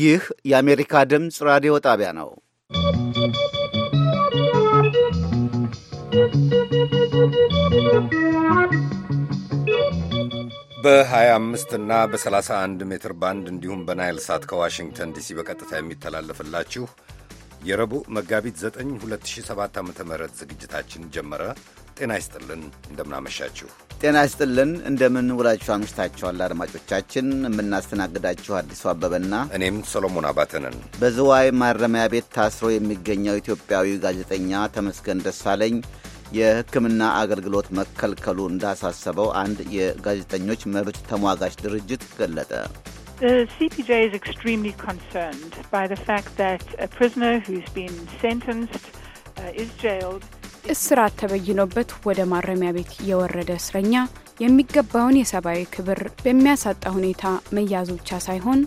ይህ የአሜሪካ ድምፅ ራዲዮ ጣቢያ ነው። በ25 እና በ31 ሜትር ባንድ እንዲሁም በናይል ሳት ከዋሽንግተን ዲሲ በቀጥታ የሚተላለፍላችሁ የረቡዕ መጋቢት 9 2007 ዓ ም ዝግጅታችን ጀመረ። ጤና ይስጥልን። እንደምናመሻችሁ ጤና ይስጥልን። እንደምን ውላችሁ አምሽታችኋል። አድማጮቻችን የምናስተናግዳችሁ አዲሱ አበበና እኔም ሰሎሞን አባተንን። በዝዋይ ማረሚያ ቤት ታስሮ የሚገኘው ኢትዮጵያዊ ጋዜጠኛ ተመስገን ደሳለኝ የሕክምና አገልግሎት መከልከሉ እንዳሳሰበው አንድ የጋዜጠኞች መብት ተሟጋች ድርጅት ገለጠ። The እስራት ተበይኖበት ወደ ማረሚያ ቤት የወረደ እስረኛ የሚገባውን የሰብአዊ ክብር በሚያሳጣ ሁኔታ መያዙ ብቻ ሳይሆን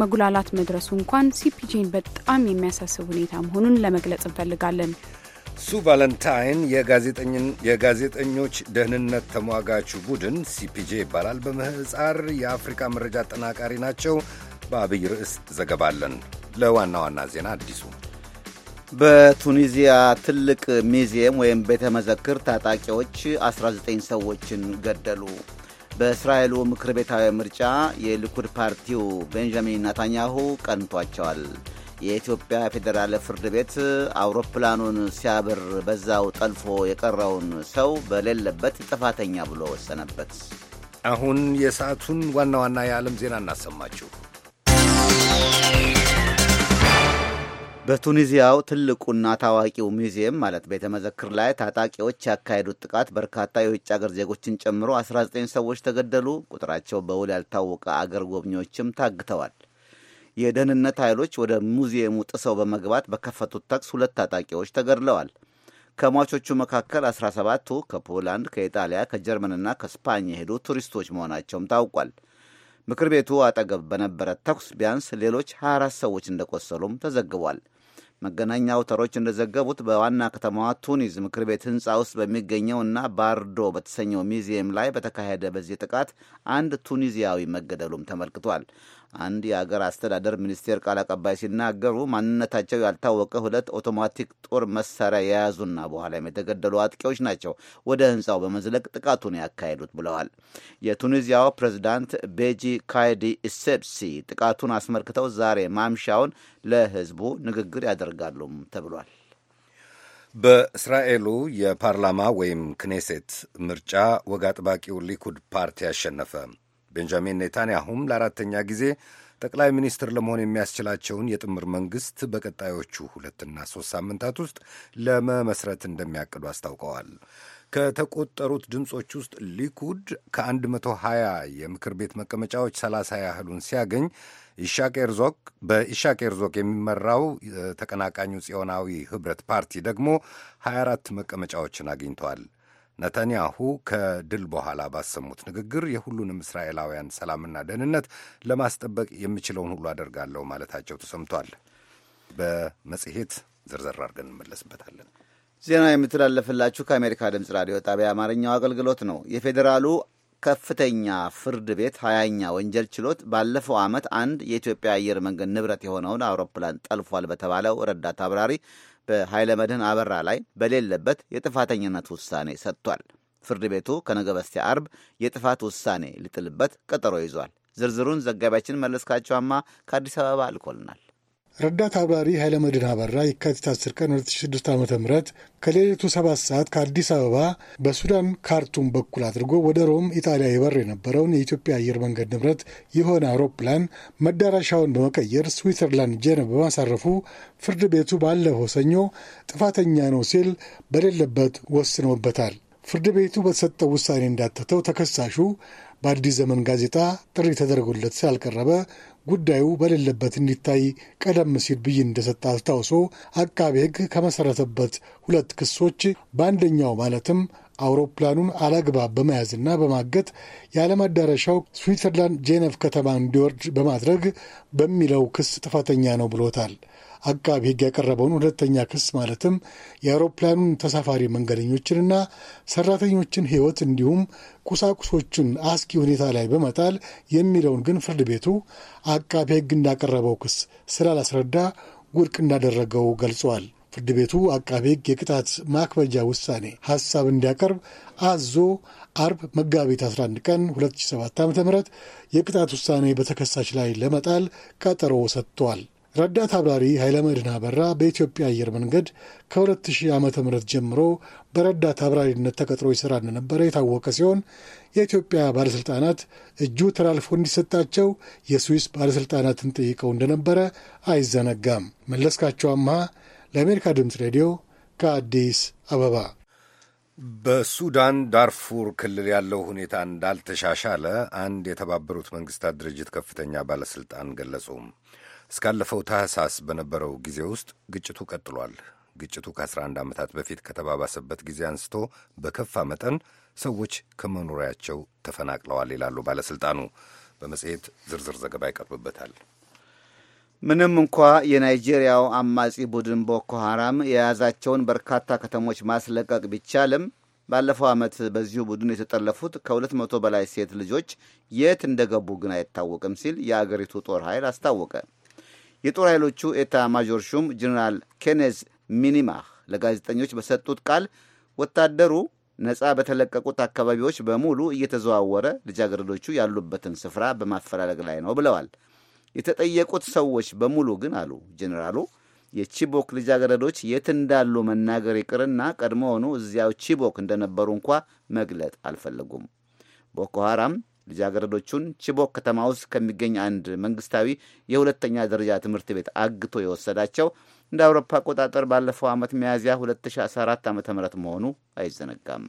መጉላላት መድረሱ እንኳን ሲፒጄን በጣም የሚያሳስብ ሁኔታ መሆኑን ለመግለጽ እንፈልጋለን። ሱ ቫለንታይን የጋዜጠኞች ደህንነት ተሟጋቹ ቡድን ሲፒጄ ይባላል በምህፃር የአፍሪካ መረጃ አጠናቃሪ ናቸው። በአብይ ርዕስ ዘገባለን። ለዋና ዋና ዜና አዲሱ በቱኒዚያ ትልቅ ሚዚየም ወይም ቤተ መዘክር ታጣቂዎች 19 ሰዎችን ገደሉ። በእስራኤሉ ምክር ቤታዊ ምርጫ የሊኩድ ፓርቲው ቤንጃሚን ናታንያሁ ቀንቷቸዋል። የኢትዮጵያ ፌዴራል ፍርድ ቤት አውሮፕላኑን ሲያብር በዛው ጠልፎ የቀረውን ሰው በሌለበት ጥፋተኛ ብሎ ወሰነበት። አሁን የሰዓቱን ዋና ዋና የዓለም ዜና እናሰማችሁ። በቱኒዚያው ትልቁና ታዋቂው ሚውዚየም ማለት ቤተ መዘክር ላይ ታጣቂዎች ያካሄዱት ጥቃት በርካታ የውጭ አገር ዜጎችን ጨምሮ 19 ሰዎች ተገደሉ። ቁጥራቸው በውል ያልታወቀ አገር ጎብኚዎችም ታግተዋል። የደህንነት ኃይሎች ወደ ሙዚየሙ ጥሰው በመግባት በከፈቱት ተኩስ ሁለት ታጣቂዎች ተገድለዋል። ከሟቾቹ መካከል 17ቱ ከፖላንድ፣ ከኢጣሊያ፣ ከጀርመንና ከስፓኝ የሄዱ ቱሪስቶች መሆናቸውም ታውቋል። ምክር ቤቱ አጠገብ በነበረ ተኩስ ቢያንስ ሌሎች 24 ሰዎች እንደቆሰሉም ተዘግቧል። መገናኛ አውታሮች እንደዘገቡት በዋና ከተማዋ ቱኒዝ ምክር ቤት ህንፃ ውስጥ በሚገኘው እና ባርዶ በተሰኘው ሚዚየም ላይ በተካሄደ በዚህ ጥቃት አንድ ቱኒዚያዊ መገደሉም ተመልክቷል። አንድ የአገር አስተዳደር ሚኒስቴር ቃል አቀባይ ሲናገሩ ማንነታቸው ያልታወቀ ሁለት ኦቶማቲክ ጦር መሳሪያ የያዙና በኋላም የተገደሉ አጥቂዎች ናቸው ወደ ህንፃው በመዝለቅ ጥቃቱን ያካሄዱት ብለዋል። የቱኒዚያው ፕሬዚዳንት ቤጂ ካይዲ ኢሴፕሲ ጥቃቱን አስመልክተው ዛሬ ማምሻውን ለህዝቡ ንግግር ያደርጋሉም ተብሏል። በእስራኤሉ የፓርላማ ወይም ክኔሴት ምርጫ ወግ አጥባቂው ሊኩድ ፓርቲ አሸነፈ። ቤንጃሚን ኔታንያሁም ለአራተኛ ጊዜ ጠቅላይ ሚኒስትር ለመሆን የሚያስችላቸውን የጥምር መንግስት በቀጣዮቹ ሁለትና ሶስት ሳምንታት ውስጥ ለመመስረት እንደሚያቅዱ አስታውቀዋል። ከተቆጠሩት ድምፆች ውስጥ ሊኩድ ከ120 የምክር ቤት መቀመጫዎች 30 ያህሉን ሲያገኝ ኢሻቅ ኤርዞግ በኢሻቅ የሚመራው ተቀናቃኙ ጽዮናዊ ህብረት ፓርቲ ደግሞ 24 መቀመጫዎችን አግኝተዋል። ነተንያሁ ከድል በኋላ ባሰሙት ንግግር የሁሉንም እስራኤላውያን ሰላምና ደህንነት ለማስጠበቅ የምችለውን ሁሉ አደርጋለሁ ማለታቸው ተሰምቷል። በመጽሔት ዝርዝር አድርገን እንመለስበታለን። ዜና የምትላለፍላችሁ ከአሜሪካ ድምፅ ራዲዮ ጣቢያ አማርኛው አገልግሎት ነው። የፌዴራሉ ከፍተኛ ፍርድ ቤት ሀያኛ ወንጀል ችሎት ባለፈው ዓመት አንድ የኢትዮጵያ አየር መንገድ ንብረት የሆነውን አውሮፕላን ጠልፏል በተባለው ረዳት አብራሪ በኃይለ መድህን አበራ ላይ በሌለበት የጥፋተኝነት ውሳኔ ሰጥቷል። ፍርድ ቤቱ ከነገ በስቲያ አርብ የጥፋት ውሳኔ ሊጥልበት ቀጠሮ ይዟል። ዝርዝሩን ዘጋቢያችን መለስካቸዋማ ከአዲስ አበባ ልኮልናል። ረዳት አብራሪ ኃይለመድህን አበራ የካቲት 10 ቀን 2006 ዓ ም ከሌሊቱ 7 ሰዓት ከአዲስ አበባ በሱዳን ካርቱም በኩል አድርጎ ወደ ሮም ኢጣሊያ ይበር የነበረውን የኢትዮጵያ አየር መንገድ ንብረት የሆነ አውሮፕላን መዳረሻውን በመቀየር ስዊትዘርላንድ ጄኔቭ በማሳረፉ ፍርድ ቤቱ ባለፈው ሰኞ ጥፋተኛ ነው ሲል በሌለበት ወስኖበታል። ፍርድ ቤቱ በተሰጠው ውሳኔ እንዳተተው ተከሳሹ በአዲስ ዘመን ጋዜጣ ጥሪ ተደርጎለት ስላልቀረበ ጉዳዩ በሌለበት እንዲታይ ቀደም ሲል ብይን እንደሰጠ አስታውሶ አቃቤ ሕግ ከመሰረተበት ሁለት ክሶች በአንደኛው ማለትም አውሮፕላኑን አላግባብ በመያዝና በማገት ያለማዳረሻው ስዊትዘርላንድ ጄኔቭ ከተማ እንዲወርድ በማድረግ በሚለው ክስ ጥፋተኛ ነው ብሎታል። አቃቢ ሕግ ያቀረበውን ሁለተኛ ክስ ማለትም የአውሮፕላኑን ተሳፋሪ መንገደኞችንና ሰራተኞችን ሕይወት እንዲሁም ቁሳቁሶቹን አስጊ ሁኔታ ላይ በመጣል የሚለውን ግን ፍርድ ቤቱ አቃቢ ሕግ እንዳቀረበው ክስ ስላላስረዳ ውድቅ እንዳደረገው ገልጿል። ፍርድ ቤቱ አቃቤ ሕግ የቅጣት ማክበጃ ውሳኔ ሐሳብ እንዲያቀርብ አዞ አርብ መጋቢት 11 ቀን 2007 ዓ ም የቅጣት ውሳኔ በተከሳሽ ላይ ለመጣል ቀጠሮ ሰጥቷል። ረዳት አብራሪ ኃይለመድህን አበራ በኢትዮጵያ አየር መንገድ ከ2000 ዓ ም ጀምሮ በረዳት አብራሪነት ተቀጥሮ ይሠራ እንደነበረ የታወቀ ሲሆን የኢትዮጵያ ባለሥልጣናት እጁ ተላልፎ እንዲሰጣቸው የስዊስ ባለሥልጣናትን ጠይቀው እንደነበረ አይዘነጋም። መለስካቸው አምሃ ለአሜሪካ ድምፅ ሬዲዮ ከአዲስ አበባ። በሱዳን ዳርፉር ክልል ያለው ሁኔታ እንዳልተሻሻለ አንድ የተባበሩት መንግሥታት ድርጅት ከፍተኛ ባለሥልጣን ገለጹም። እስካለፈው ታህሳስ በነበረው ጊዜ ውስጥ ግጭቱ ቀጥሏል። ግጭቱ ከ11 ዓመታት በፊት ከተባባሰበት ጊዜ አንስቶ በከፋ መጠን ሰዎች ከመኖሪያቸው ተፈናቅለዋል ይላሉ ባለሥልጣኑ። በመጽሔት ዝርዝር ዘገባ ይቀርብበታል። ምንም እንኳ የናይጄሪያው አማጺ ቡድን ቦኮ ሐራም የያዛቸውን በርካታ ከተሞች ማስለቀቅ ቢቻልም ባለፈው ዓመት በዚሁ ቡድን የተጠለፉት ከሁለት 200 በላይ ሴት ልጆች የት እንደገቡ ግን አይታወቅም ሲል የአገሪቱ ጦር ኃይል አስታወቀ። የጦር ኃይሎቹ ኤታ ማዦር ሹም ጀኔራል ኬኔዝ ሚኒማህ ለጋዜጠኞች በሰጡት ቃል ወታደሩ ነፃ በተለቀቁት አካባቢዎች በሙሉ እየተዘዋወረ ልጃገረዶቹ ያሉበትን ስፍራ በማፈላለግ ላይ ነው ብለዋል። የተጠየቁት ሰዎች በሙሉ ግን አሉ ጀኔራሉ የቺቦክ ልጃገረዶች የት እንዳሉ መናገር ይቅርና ቀድሞውኑ እዚያው ቺቦክ እንደነበሩ እንኳ መግለጥ አልፈለጉም። ቦኮ ልጃገረዶቹን ቺቦክ ከተማ ውስጥ ከሚገኝ አንድ መንግስታዊ የሁለተኛ ደረጃ ትምህርት ቤት አግቶ የወሰዳቸው እንደ አውሮፓ አቆጣጠር ባለፈው ዓመት ሚያዝያ 2014 ዓ ም መሆኑ አይዘነጋም።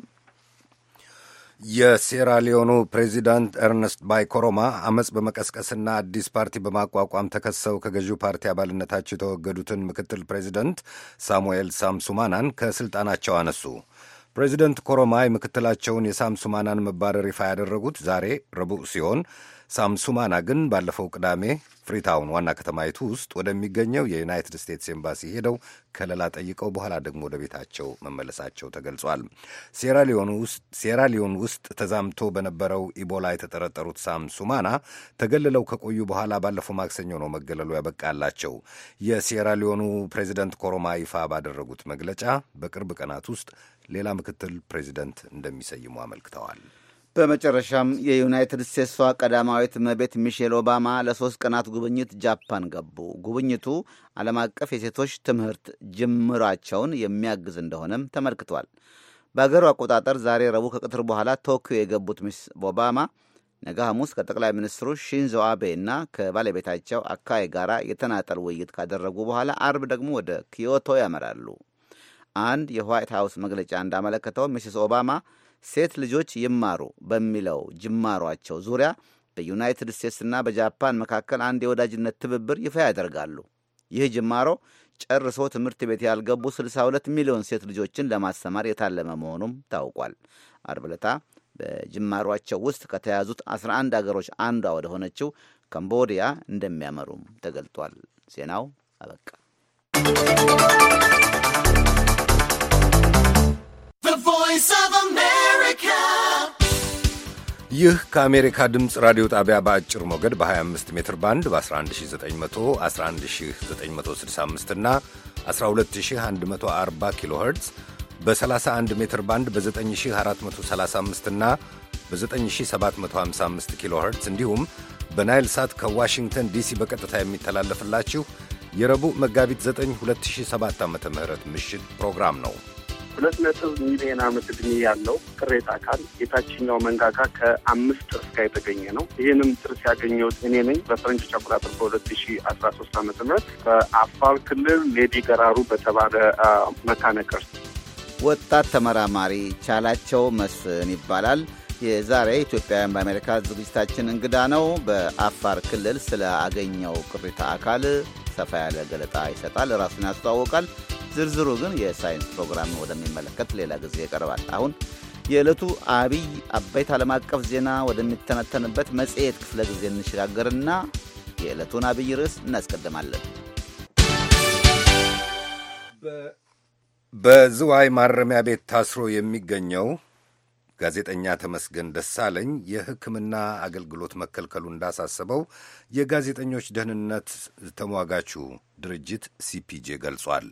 የሴራሊዮኑ ፕሬዚዳንት ኤርነስት ባይ ኮሮማ አመፅ በመቀስቀስና አዲስ ፓርቲ በማቋቋም ተከሰው ከገዢው ፓርቲ አባልነታቸው የተወገዱትን ምክትል ፕሬዚደንት ሳሙኤል ሳምሱማናን ከስልጣናቸው አነሱ። ፕሬዚደንት ኮሮማይ ምክትላቸውን የሳምሱማናን መባረር ይፋ ያደረጉት ዛሬ ረቡዕ ሲሆን ሳምሱማና ግን ባለፈው ቅዳሜ ፍሪታውን ዋና ከተማይቱ ውስጥ ወደሚገኘው የዩናይትድ ስቴትስ ኤምባሲ ሄደው ከለላ ጠይቀው በኋላ ደግሞ ወደ ቤታቸው መመለሳቸው ተገልጿል። ሴራሊዮን ውስጥ ተዛምቶ በነበረው ኢቦላ የተጠረጠሩት ሳምሱማና ተገልለው ከቆዩ በኋላ ባለፈው ማክሰኞ ነው መገለሉ ያበቃላቸው። የሴራሊዮኑ ፕሬዚደንት ኮሮማ ይፋ ባደረጉት መግለጫ በቅርብ ቀናት ውስጥ ሌላ ምክትል ፕሬዚደንት እንደሚሰይሙ አመልክተዋል። በመጨረሻም የዩናይትድ ስቴትሷ ቀዳማዊት እመቤት ሚሼል ኦባማ ለሶስት ቀናት ጉብኝት ጃፓን ገቡ። ጉብኝቱ ዓለም አቀፍ የሴቶች ትምህርት ጅምራቸውን የሚያግዝ እንደሆነም ተመልክቷል። በአገሩ አቆጣጠር ዛሬ ረቡዕ ከቅትር በኋላ ቶኪዮ የገቡት ሚስ ኦባማ ነገ ሐሙስ ከጠቅላይ ሚኒስትሩ ሺንዞ አቤ እና ከባለቤታቸው አካይ ጋራ የተናጠል ውይይት ካደረጉ በኋላ አርብ ደግሞ ወደ ኪዮቶ ያመራሉ። አንድ የዋይት ሀውስ መግለጫ እንዳመለከተው ሚስስ ኦባማ ሴት ልጆች ይማሩ በሚለው ጅማሯቸው ዙሪያ በዩናይትድ ስቴትስና በጃፓን መካከል አንድ የወዳጅነት ትብብር ይፋ ያደርጋሉ። ይህ ጅማሮ ጨርሶ ትምህርት ቤት ያልገቡ 62 ሚሊዮን ሴት ልጆችን ለማስተማር የታለመ መሆኑም ታውቋል። አርብ ዕለት በጅማሯቸው ውስጥ ከተያዙት 11 አገሮች አንዷ ወደ ሆነችው ካምቦዲያ እንደሚያመሩም ተገልጧል። ዜናው አበቃ። ቮይስ ኦፍ አሜሪካ ይህ ከአሜሪካ ድምፅ ራዲዮ ጣቢያ በአጭር ሞገድ በ25 ሜትር ባንድ በ 11911965 እና 12140 ኪሎ ኸርትዝ በ31 ሜትር ባንድ በ9435 እና በ9755 ኪሎ ኸርትዝ እንዲሁም በናይል ሳት ከዋሽንግተን ዲሲ በቀጥታ የሚተላለፍላችሁ የረቡዕ መጋቢት 9 2007 ዓ ም ምሽት ፕሮግራም ነው። ሁለት ነጥብ ሚሊዮን ዓመት እድሜ ያለው ቅሬታ አካል የታችኛው መንጋጋ ከአምስት ጥርስ ጋር የተገኘ ነው። ይህንም ጥርስ ያገኘሁት እኔ ነኝ በፈረንጆች አቆጣጠር በሁለት ሺ አስራ ሶስት ዓመተ ምህረት በአፋር ክልል ሌዲ ገራሩ በተባለ መካነ ቅርስ ወጣት ተመራማሪ ቻላቸው መስፍን ይባላል። የዛሬ ኢትዮጵያውያን በአሜሪካ ዝግጅታችን እንግዳ ነው። በአፋር ክልል ስለ አገኘው ቅሪተ አካል ሰፋ ያለ ገለጣ ይሰጣል፣ ራሱን ያስተዋወቃል። ዝርዝሩ ግን የሳይንስ ፕሮግራም ወደሚመለከት ሌላ ጊዜ ይቀርባል። አሁን የዕለቱ አብይ አበይት ዓለም አቀፍ ዜና ወደሚተነተንበት መጽሔት ክፍለ ጊዜ እንሸጋገርና የዕለቱን አብይ ርዕስ እናስቀድማለን። በዝዋይ ማረሚያ ቤት ታስሮ የሚገኘው ጋዜጠኛ ተመስገን ደሳለኝ የሕክምና አገልግሎት መከልከሉ እንዳሳሰበው የጋዜጠኞች ደህንነት ተሟጋቹ ድርጅት ሲፒጄ ገልጿል።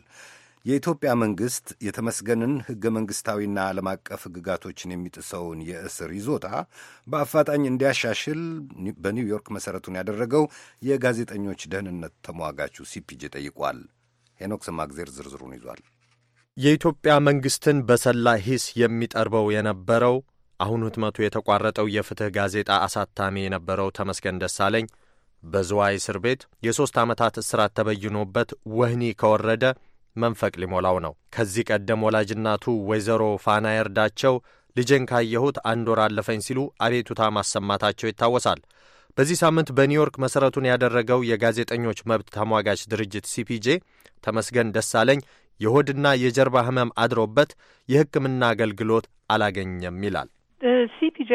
የኢትዮጵያ መንግሥት የተመስገንን ሕገ መንግሥታዊና ዓለም አቀፍ ሕግጋቶችን የሚጥሰውን የእስር ይዞታ በአፋጣኝ እንዲያሻሽል በኒውዮርክ መሠረቱን ያደረገው የጋዜጠኞች ደህንነት ተሟጋቹ ሲፒጄ ጠይቋል። ሄኖክ ሰማግዜር ዝርዝሩን ይዟል። የኢትዮጵያ መንግሥትን በሰላ ሂስ የሚጠርበው የነበረው አሁን ህትመቱ የተቋረጠው የፍትሕ ጋዜጣ አሳታሚ የነበረው ተመስገን ደሳለኝ በዝዋይ እስር ቤት የሦስት ዓመታት እስራት ተበይኖበት ወህኒ ከወረደ መንፈቅ ሊሞላው ነው። ከዚህ ቀደም ወላጅናቱ ወይዘሮ ፋና የርዳቸው ልጄን ካየሁት አንድ ወር አለፈኝ ሲሉ አቤቱታ ማሰማታቸው ይታወሳል። በዚህ ሳምንት በኒውዮርክ መሠረቱን ያደረገው የጋዜጠኞች መብት ተሟጋች ድርጅት ሲፒጄ ተመስገን ደሳለኝ የሆድና የጀርባ ህመም አድሮበት የሕክምና አገልግሎት አላገኘም ይላል። ሲፒጄ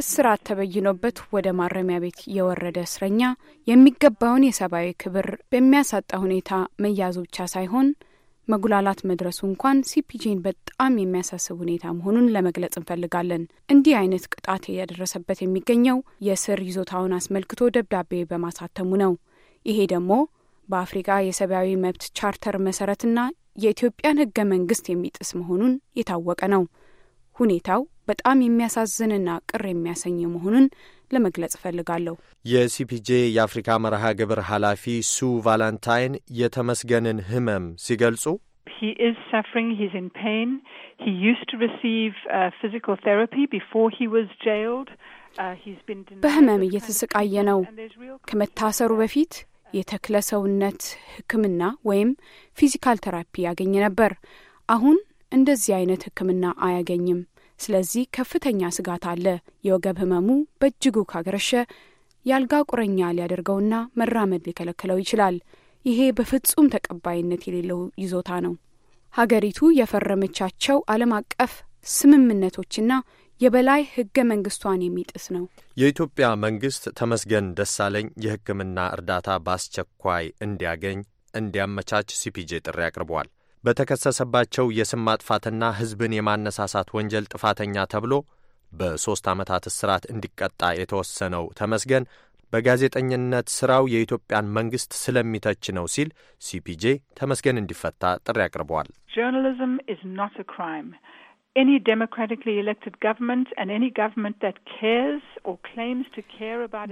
እስራት ተበይኖበት ወደ ማረሚያ ቤት የወረደ እስረኛ የሚገባውን የሰብአዊ ክብር በሚያሳጣ ሁኔታ መያዙ ብቻ ሳይሆን መጉላላት መድረሱ እንኳን ሲፒጄን በጣም የሚያሳስብ ሁኔታ መሆኑን ለመግለጽ እንፈልጋለን። እንዲህ አይነት ቅጣት ያደረሰበት የሚገኘው የስር ይዞታውን አስመልክቶ ደብዳቤ በማሳተሙ ነው። ይሄ ደግሞ በአፍሪካ የሰብአዊ መብት ቻርተር መሰረትና የኢትዮጵያን ህገ መንግስት የሚጥስ መሆኑን የታወቀ ነው። ሁኔታው በጣም የሚያሳዝንና ቅር የሚያሰኝ መሆኑን ለመግለጽ እፈልጋለሁ። የሲፒጄ የአፍሪካ መርሃ ግብር ኃላፊ ሱ ቫላንታይን የተመስገንን ህመም ሲገልጹ He is suffering. He's in pain. He used to receive uh, physical therapy before he was jailed. Uh, በህመም እየተሰቃየ ነው። ከመታሰሩ በፊት የተክለ ሰውነት ሕክምና ወይም ፊዚካል ተራፒ ያገኝ ነበር። አሁን እንደዚህ አይነት ሕክምና አያገኝም። ስለዚህ ከፍተኛ ስጋት አለ። የወገብ ህመሙ በእጅጉ ካገረሸ የአልጋ ቁረኛ ሊያደርገውና መራመድ ሊከለክለው ይችላል። ይሄ በፍጹም ተቀባይነት የሌለው ይዞታ ነው። ሀገሪቱ የፈረመቻቸው ዓለም አቀፍ ስምምነቶችና የበላይ ህገ መንግስቷን የሚጥስ ነው። የኢትዮጵያ መንግስት ተመስገን ደሳለኝ የህክምና እርዳታ በአስቸኳይ እንዲያገኝ እንዲያመቻች ሲፒጄ ጥሪ አቅርበዋል። በተከሰሰባቸው የስም ማጥፋትና ሕዝብን የማነሳሳት ወንጀል ጥፋተኛ ተብሎ በሦስት ዓመታት እስራት እንዲቀጣ የተወሰነው ተመስገን በጋዜጠኝነት ሥራው የኢትዮጵያን መንግሥት ስለሚተች ነው ሲል ሲፒጄ ተመስገን እንዲፈታ ጥሪ አቅርበዋል። ጆርናሊዝም ኢዝ ኖት አ ክራይም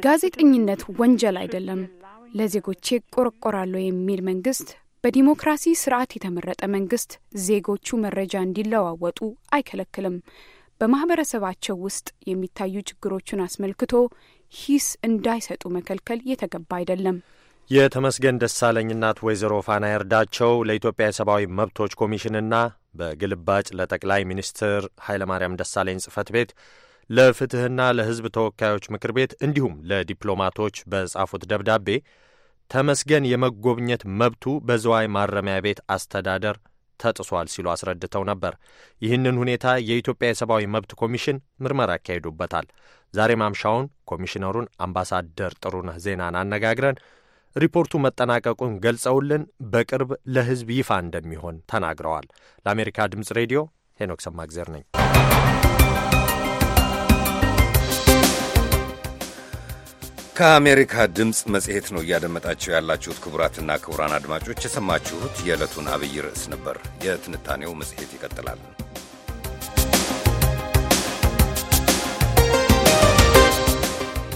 ጋዜጠኝነት ወንጀል አይደለም። ለዜጎቼ ቆረቆራለሁ የሚል መንግስት በዲሞክራሲ ስርዓት የተመረጠ መንግስት ዜጎቹ መረጃ እንዲለዋወጡ አይከለክልም። በማህበረሰባቸው ውስጥ የሚታዩ ችግሮችን አስመልክቶ ሂስ እንዳይሰጡ መከልከል የተገባ አይደለም። የተመስገን ደሳለኝ እናት ወይዘሮ ፋና ያርዳቸው ለኢትዮጵያ የሰብአዊ መብቶች ኮሚሽንና በግልባጭ ለጠቅላይ ሚኒስትር ኃይለማርያም ደሳለኝ ጽህፈት ቤት ለፍትህና ለህዝብ ተወካዮች ምክር ቤት እንዲሁም ለዲፕሎማቶች በጻፉት ደብዳቤ ተመስገን የመጎብኘት መብቱ በዝዋይ ማረሚያ ቤት አስተዳደር ተጥሷል ሲሉ አስረድተው ነበር። ይህንን ሁኔታ የኢትዮጵያ የሰብአዊ መብት ኮሚሽን ምርመራ ያካሂዱበታል። ዛሬ ማምሻውን ኮሚሽነሩን አምባሳደር ጥሩነህ ዜናን አነጋግረን ሪፖርቱ መጠናቀቁን ገልጸውልን በቅርብ ለሕዝብ ይፋ እንደሚሆን ተናግረዋል። ለአሜሪካ ድምፅ ሬዲዮ ሄኖክ ሰማግዜር ነኝ። ከአሜሪካ ድምፅ መጽሔት ነው እያደመጣችሁ ያላችሁት። ክቡራትና ክቡራን አድማጮች የሰማችሁት የዕለቱን አብይ ርዕስ ነበር። የትንታኔው መጽሔት ይቀጥላል።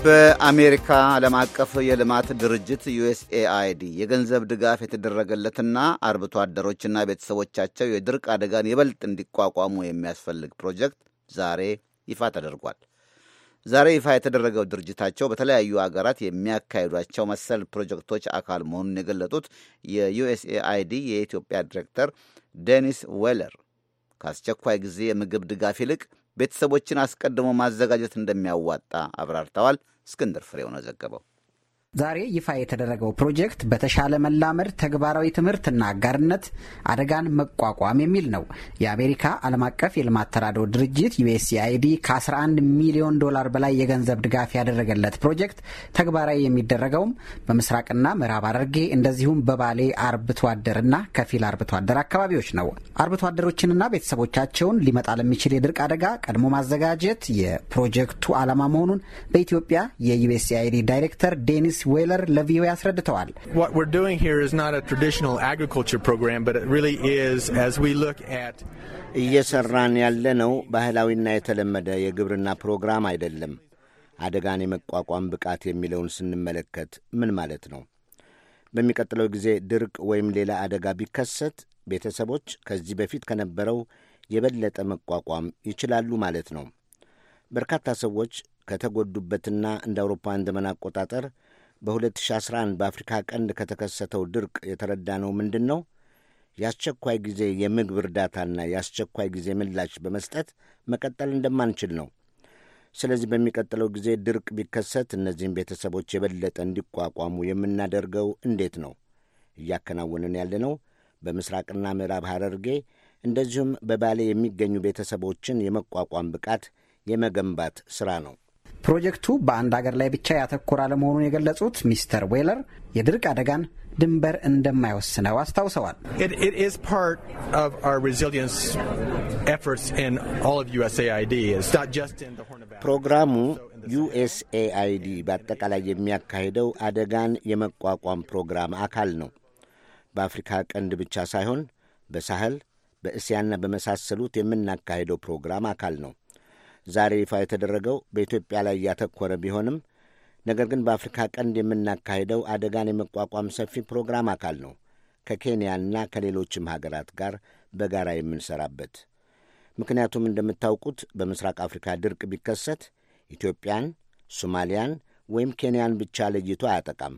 በአሜሪካ ዓለም አቀፍ የልማት ድርጅት ዩኤስኤአይዲ የገንዘብ ድጋፍ የተደረገለትና አርብቶ አደሮችና ቤተሰቦቻቸው የድርቅ አደጋን ይበልጥ እንዲቋቋሙ የሚያስፈልግ ፕሮጀክት ዛሬ ይፋ ተደርጓል። ዛሬ ይፋ የተደረገው ድርጅታቸው በተለያዩ አገራት የሚያካሂዷቸው መሰል ፕሮጀክቶች አካል መሆኑን የገለጡት የዩኤስኤአይዲ የኢትዮጵያ ዲሬክተር ዴኒስ ዌለር ከአስቸኳይ ጊዜ የምግብ ድጋፍ ይልቅ ቤተሰቦችን አስቀድሞ ማዘጋጀት እንደሚያዋጣ አብራርተዋል። እስክንድር ፍሬው ነው ዘገበው። ዛሬ ይፋ የተደረገው ፕሮጀክት በተሻለ መላመድ፣ ተግባራዊ ትምህርትና አጋርነት አደጋን መቋቋም የሚል ነው። የአሜሪካ ዓለም አቀፍ የልማት ተራድኦ ድርጅት ዩኤስኤአይዲ ከ11 ሚሊዮን ዶላር በላይ የገንዘብ ድጋፍ ያደረገለት ፕሮጀክት ተግባራዊ የሚደረገውም በምስራቅና ምዕራብ ሐረርጌ እንደዚሁም በባሌ አርብቶ አደርና ከፊል አርብቶ አደር አካባቢዎች ነው። አርብቶ አደሮችንና ቤተሰቦቻቸውን ሊመጣ ለሚችል የድርቅ አደጋ ቀድሞ ማዘጋጀት የፕሮጀክቱ ዓላማ መሆኑን በኢትዮጵያ የዩኤስኤአይዲ ዳይሬክተር ዴኒስ ዴኒስ ዌለር ለቪኦኤ አስረድተዋል። እየሰራን ያለነው ባህላዊና የተለመደ የግብርና ፕሮግራም አይደለም። አደጋን የመቋቋም ብቃት የሚለውን ስንመለከት ምን ማለት ነው? በሚቀጥለው ጊዜ ድርቅ ወይም ሌላ አደጋ ቢከሰት ቤተሰቦች ከዚህ በፊት ከነበረው የበለጠ መቋቋም ይችላሉ ማለት ነው። በርካታ ሰዎች ከተጎዱበትና እንደ አውሮፓውያን ዘመን አቆጣጠር በ2011 በአፍሪካ ቀንድ ከተከሰተው ድርቅ የተረዳነው ምንድን ነው? የአስቸኳይ ጊዜ የምግብ እርዳታና የአስቸኳይ ጊዜ ምላሽ በመስጠት መቀጠል እንደማንችል ነው። ስለዚህ በሚቀጥለው ጊዜ ድርቅ ቢከሰት እነዚህም ቤተሰቦች የበለጠ እንዲቋቋሙ የምናደርገው እንዴት ነው? እያከናወንን ያለነው በምስራቅና ምዕራብ ሐረርጌ እንደዚሁም በባሌ የሚገኙ ቤተሰቦችን የመቋቋም ብቃት የመገንባት ሥራ ነው። ፕሮጀክቱ በአንድ አገር ላይ ብቻ ያተኮረ አለመሆኑን የገለጹት ሚስተር ዌለር የድርቅ አደጋን ድንበር እንደማይወስነው አስታውሰዋል። ፕሮግራሙ ዩኤስኤአይዲ በአጠቃላይ የሚያካሂደው አደጋን የመቋቋም ፕሮግራም አካል ነው። በአፍሪካ ቀንድ ብቻ ሳይሆን በሳህል በእስያና በመሳሰሉት የምናካሄደው ፕሮግራም አካል ነው። ዛሬ ይፋ የተደረገው በኢትዮጵያ ላይ እያተኮረ ቢሆንም ነገር ግን በአፍሪካ ቀንድ የምናካሄደው አደጋን የመቋቋም ሰፊ ፕሮግራም አካል ነው። ከኬንያና ከሌሎችም ሀገራት ጋር በጋራ የምንሰራበት ምክንያቱም እንደምታውቁት በምስራቅ አፍሪካ ድርቅ ቢከሰት ኢትዮጵያን፣ ሶማሊያን ወይም ኬንያን ብቻ ለይቶ አያጠቃም።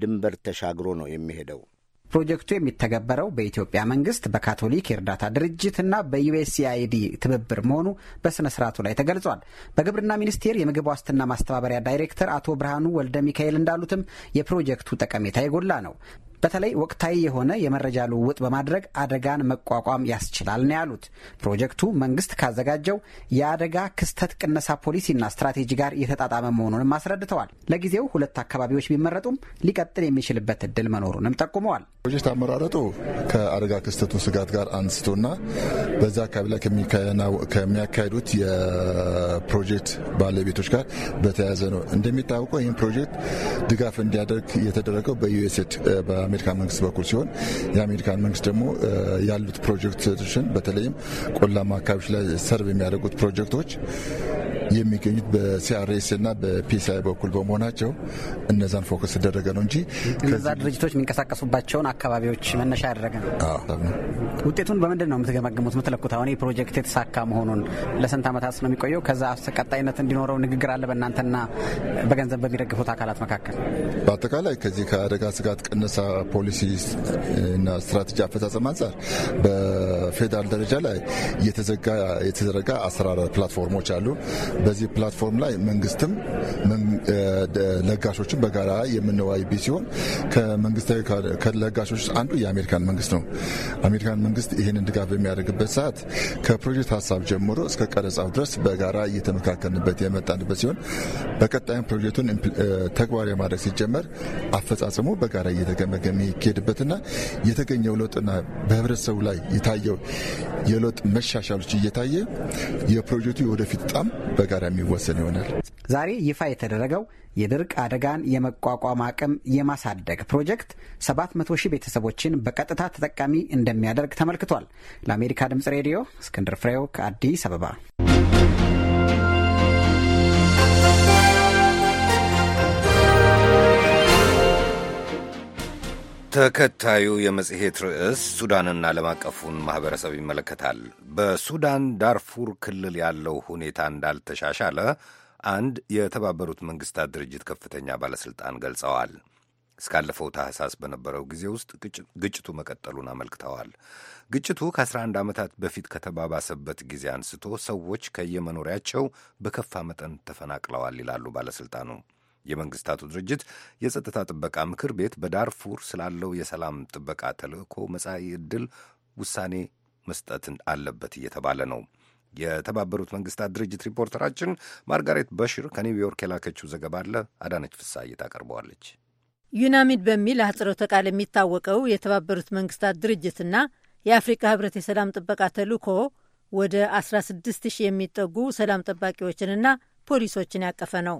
ድንበር ተሻግሮ ነው የሚሄደው። ፕሮጀክቱ የሚተገበረው በኢትዮጵያ መንግስት በካቶሊክ የእርዳታ ድርጅትና በዩኤስኤአይዲ ትብብር መሆኑ በሥነ ስርዓቱ ላይ ተገልጿል። በግብርና ሚኒስቴር የምግብ ዋስትና ማስተባበሪያ ዳይሬክተር አቶ ብርሃኑ ወልደ ሚካኤል እንዳሉትም የፕሮጀክቱ ጠቀሜታ የጎላ ነው። በተለይ ወቅታዊ የሆነ የመረጃ ልውውጥ በማድረግ አደጋን መቋቋም ያስችላል ነው ያሉት። ፕሮጀክቱ መንግስት ካዘጋጀው የአደጋ ክስተት ቅነሳ ፖሊሲና ስትራቴጂ ጋር የተጣጣመ መሆኑንም አስረድተዋል። ለጊዜው ሁለት አካባቢዎች ቢመረጡም ሊቀጥል የሚችልበት እድል መኖሩንም ጠቁመዋል። ፕሮጀክት አመራረጡ ከአደጋ ክስተቱ ስጋት ጋር አንስቶና በዛ አካባቢ ላይ ከሚያካሄዱት የፕሮጀክት ባለቤቶች ጋር በተያያዘ ነው። እንደሚታወቀው ይህም ፕሮጀክት ድጋፍ እንዲያደርግ የተደረገው በዩኤስኤድ በአሜሪካ መንግስት በኩል ሲሆን የአሜሪካ መንግስት ደግሞ ያሉት ፕሮጀክቶችን በተለይም ቆላማ አካባቢዎች ላይ ሰርቭ የሚያደርጉት ፕሮጀክቶች የሚገኙት በሲአርኤስ እና በፒሲአይ በኩል በመሆናቸው እነዛን ፎከስ ተደረገ ነው እንጂ እነዛ ድርጅቶች የሚንቀሳቀሱባቸውን አካባቢዎች መነሻ ያደረገ ነው። ውጤቱን በምንድን ነው የምትገመግሙት የምትለኩት? አሁን ፕሮጀክት የተሳካ መሆኑን ለስንት ዓመታት ነው የሚቆየው? ከዛ ቀጣይነት እንዲኖረው ንግግር አለ በእናንተና በገንዘብ በሚደግፉት አካላት መካከል? በአጠቃላይ ከዚህ ከአደጋ ስጋት ቅነሳ ፖሊሲ እና ስትራቴጂ አፈጻጸም አንጻር በፌዴራል ደረጃ ላይ የተዘረጋ አሰራር ፕላትፎርሞች አሉ። በዚህ ፕላትፎርም ላይ መንግስትም ለጋሾችን በጋራ የምንወያይ ሲሆን ከመንግስታዊ ከለጋሾች አንዱ የአሜሪካን መንግስት ነው። አሜሪካን መንግስት ይህንን ድጋፍ በሚያደርግበት ሰዓት ከፕሮጀክት ሀሳብ ጀምሮ እስከ ቀረጻው ድረስ በጋራ እየተመካከልንበት የመጣንበት ሲሆን በቀጣይም ፕሮጀክቱን ተግባራዊ ማድረግ ሲጀመር አፈጻጸሙ በጋራ እየተገመገ የሚካሄድበትና የተገኘው ለውጥና በህብረተሰቡ ላይ የታየው የለውጥ መሻሻሎች እየታየ የፕሮጀክቱ የወደፊት ጣም በጋራ የሚወሰን ይሆናል። ዛሬ ይፋ የተደረገው የድርቅ አደጋን የመቋቋም አቅም የማሳደግ ፕሮጀክት 700 ሺህ ቤተሰቦችን በቀጥታ ተጠቃሚ እንደሚያደርግ ተመልክቷል። ለአሜሪካ ድምጽ ሬዲዮ እስክንድር ፍሬው ከአዲስ አበባ ተከታዩ የመጽሔት ርዕስ ሱዳንና ዓለም አቀፉን ማኅበረሰብ ይመለከታል። በሱዳን ዳርፉር ክልል ያለው ሁኔታ እንዳልተሻሻለ አንድ የተባበሩት መንግሥታት ድርጅት ከፍተኛ ባለሥልጣን ገልጸዋል። እስካለፈው ታህሳስ በነበረው ጊዜ ውስጥ ግጭቱ መቀጠሉን አመልክተዋል። ግጭቱ ከ11 ዓመታት በፊት ከተባባሰበት ጊዜ አንስቶ ሰዎች ከየመኖሪያቸው በከፋ መጠን ተፈናቅለዋል ይላሉ ባለሥልጣኑ። የመንግስታቱ ድርጅት የጸጥታ ጥበቃ ምክር ቤት በዳርፉር ስላለው የሰላም ጥበቃ ተልእኮ መጻኢ ዕድል ውሳኔ መስጠትን አለበት እየተባለ ነው። የተባበሩት መንግስታት ድርጅት ሪፖርተራችን ማርጋሬት በሽር ከኒውዮርክ የላከችው ዘገባ አለ። አዳነች ፍሳይ ታቀርበዋለች። ዩናሚድ በሚል አህጽሮተ ቃል የሚታወቀው የተባበሩት መንግስታት ድርጅትና የአፍሪካ ህብረት የሰላም ጥበቃ ተልእኮ ወደ 16 ሺህ የሚጠጉ ሰላም ጠባቂዎችንና ፖሊሶችን ያቀፈ ነው።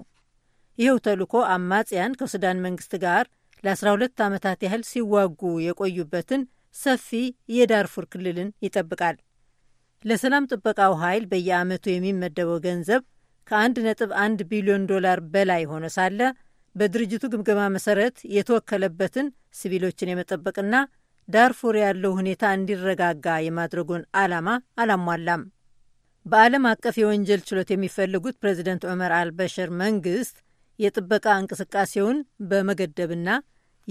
ይኸው ተልእኮ አማጽያን ከሱዳን መንግስት ጋር ለ12 ዓመታት ያህል ሲዋጉ የቆዩበትን ሰፊ የዳርፉር ክልልን ይጠብቃል። ለሰላም ጥበቃው ኃይል በየዓመቱ የሚመደበው ገንዘብ ከ1.1 ቢሊዮን ዶላር በላይ ሆኖ ሳለ በድርጅቱ ግምገማ መሰረት የተወከለበትን ሲቪሎችን የመጠበቅና ዳርፉር ያለው ሁኔታ እንዲረጋጋ የማድረጉን ዓላማ አላሟላም። በዓለም አቀፍ የወንጀል ችሎት የሚፈልጉት ፕሬዚደንት ዑመር አልበሽር መንግስት የጥበቃ እንቅስቃሴውን በመገደብና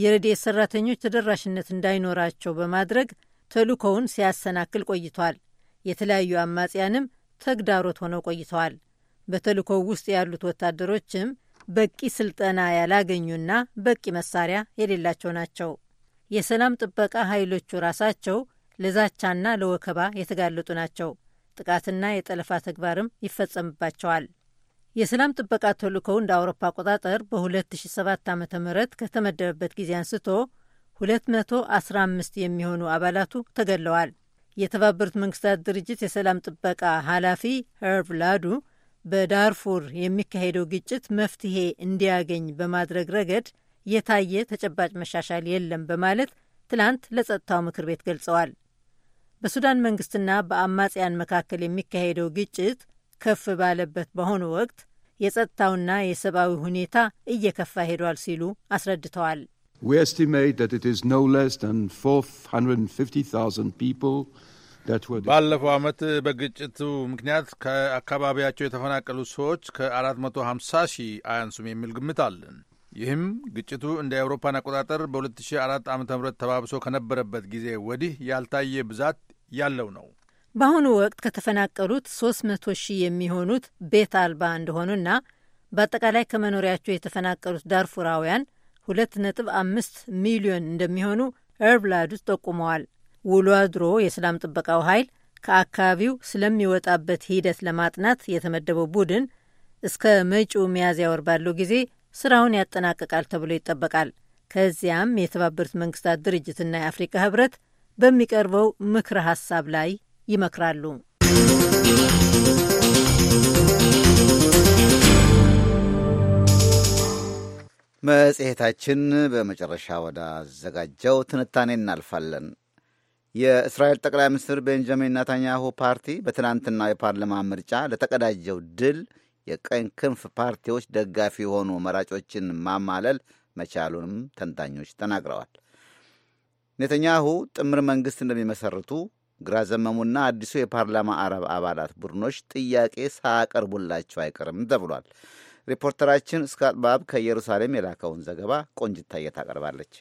የረድኤት ሰራተኞች ተደራሽነት እንዳይኖራቸው በማድረግ ተልእኮውን ሲያሰናክል ቆይቷል። የተለያዩ አማጽያንም ተግዳሮት ሆነው ቆይተዋል። በተልእኮው ውስጥ ያሉት ወታደሮችም በቂ ስልጠና ያላገኙና በቂ መሳሪያ የሌላቸው ናቸው። የሰላም ጥበቃ ኃይሎቹ ራሳቸው ለዛቻና ለወከባ የተጋለጡ ናቸው። ጥቃትና የጠለፋ ተግባርም ይፈጸምባቸዋል። የሰላም ጥበቃ ተልእኮው እንደ አውሮፓ አቆጣጠር በ2007 ዓ ም ከተመደበበት ጊዜ አንስቶ 215 የሚሆኑ አባላቱ ተገድለዋል። የተባበሩት መንግስታት ድርጅት የሰላም ጥበቃ ኃላፊ ሄርቭ ላዱ በዳርፉር የሚካሄደው ግጭት መፍትሄ እንዲያገኝ በማድረግ ረገድ የታየ ተጨባጭ መሻሻል የለም በማለት ትላንት ለጸጥታው ምክር ቤት ገልጸዋል። በሱዳን መንግስትና በአማጽያን መካከል የሚካሄደው ግጭት ከፍ ባለበት በአሁኑ ወቅት የጸጥታውና የሰብአዊ ሁኔታ እየከፋ ሄዷል ሲሉ አስረድተዋል። ባለፈው ዓመት በግጭቱ ምክንያት ከአካባቢያቸው የተፈናቀሉ ሰዎች ከ450 ሺህ አያንሱም የሚል ግምት አለን። ይህም ግጭቱ እንደ አውሮፓን አቆጣጠር በ2004 ዓ ም ተባብሶ ከነበረበት ጊዜ ወዲህ ያልታየ ብዛት ያለው ነው። በአሁኑ ወቅት ከተፈናቀሉት 300 ሺህ የሚሆኑት ቤት አልባ እንደሆኑና በአጠቃላይ ከመኖሪያቸው የተፈናቀሉት ዳርፉራውያን 2.5 ሚሊዮን እንደሚሆኑ ኤርብላዱስ ጠቁመዋል። ውሎ አድሮ የሰላም ጥበቃው ኃይል ከአካባቢው ስለሚወጣበት ሂደት ለማጥናት የተመደበው ቡድን እስከ መጪው ሚያዝያ ወር ባለው ጊዜ ስራውን ያጠናቅቃል ተብሎ ይጠበቃል። ከዚያም የተባበሩት መንግስታት ድርጅትና የአፍሪካ ህብረት በሚቀርበው ምክረ ሀሳብ ላይ ይመክራሉ። መጽሔታችን በመጨረሻ ወዳዘጋጀው ትንታኔ እናልፋለን። የእስራኤል ጠቅላይ ሚኒስትር ቤንጃሚን ናታንያሁ ፓርቲ በትናንትና የፓርላማ ምርጫ ለተቀዳጀው ድል የቀኝ ክንፍ ፓርቲዎች ደጋፊ የሆኑ መራጮችን ማማለል መቻሉንም ተንታኞች ተናግረዋል። ኔተኛሁ ጥምር መንግሥት እንደሚመሰርቱ ግራ ዘመሙና አዲሱ የፓርላማ አረብ አባላት ቡድኖች ጥያቄ ሳያቀርቡላቸው አይቀርም ተብሏል። ሪፖርተራችን ስካት ባብ ከኢየሩሳሌም የላከውን ዘገባ ቆንጅታየ ታቀርባለች።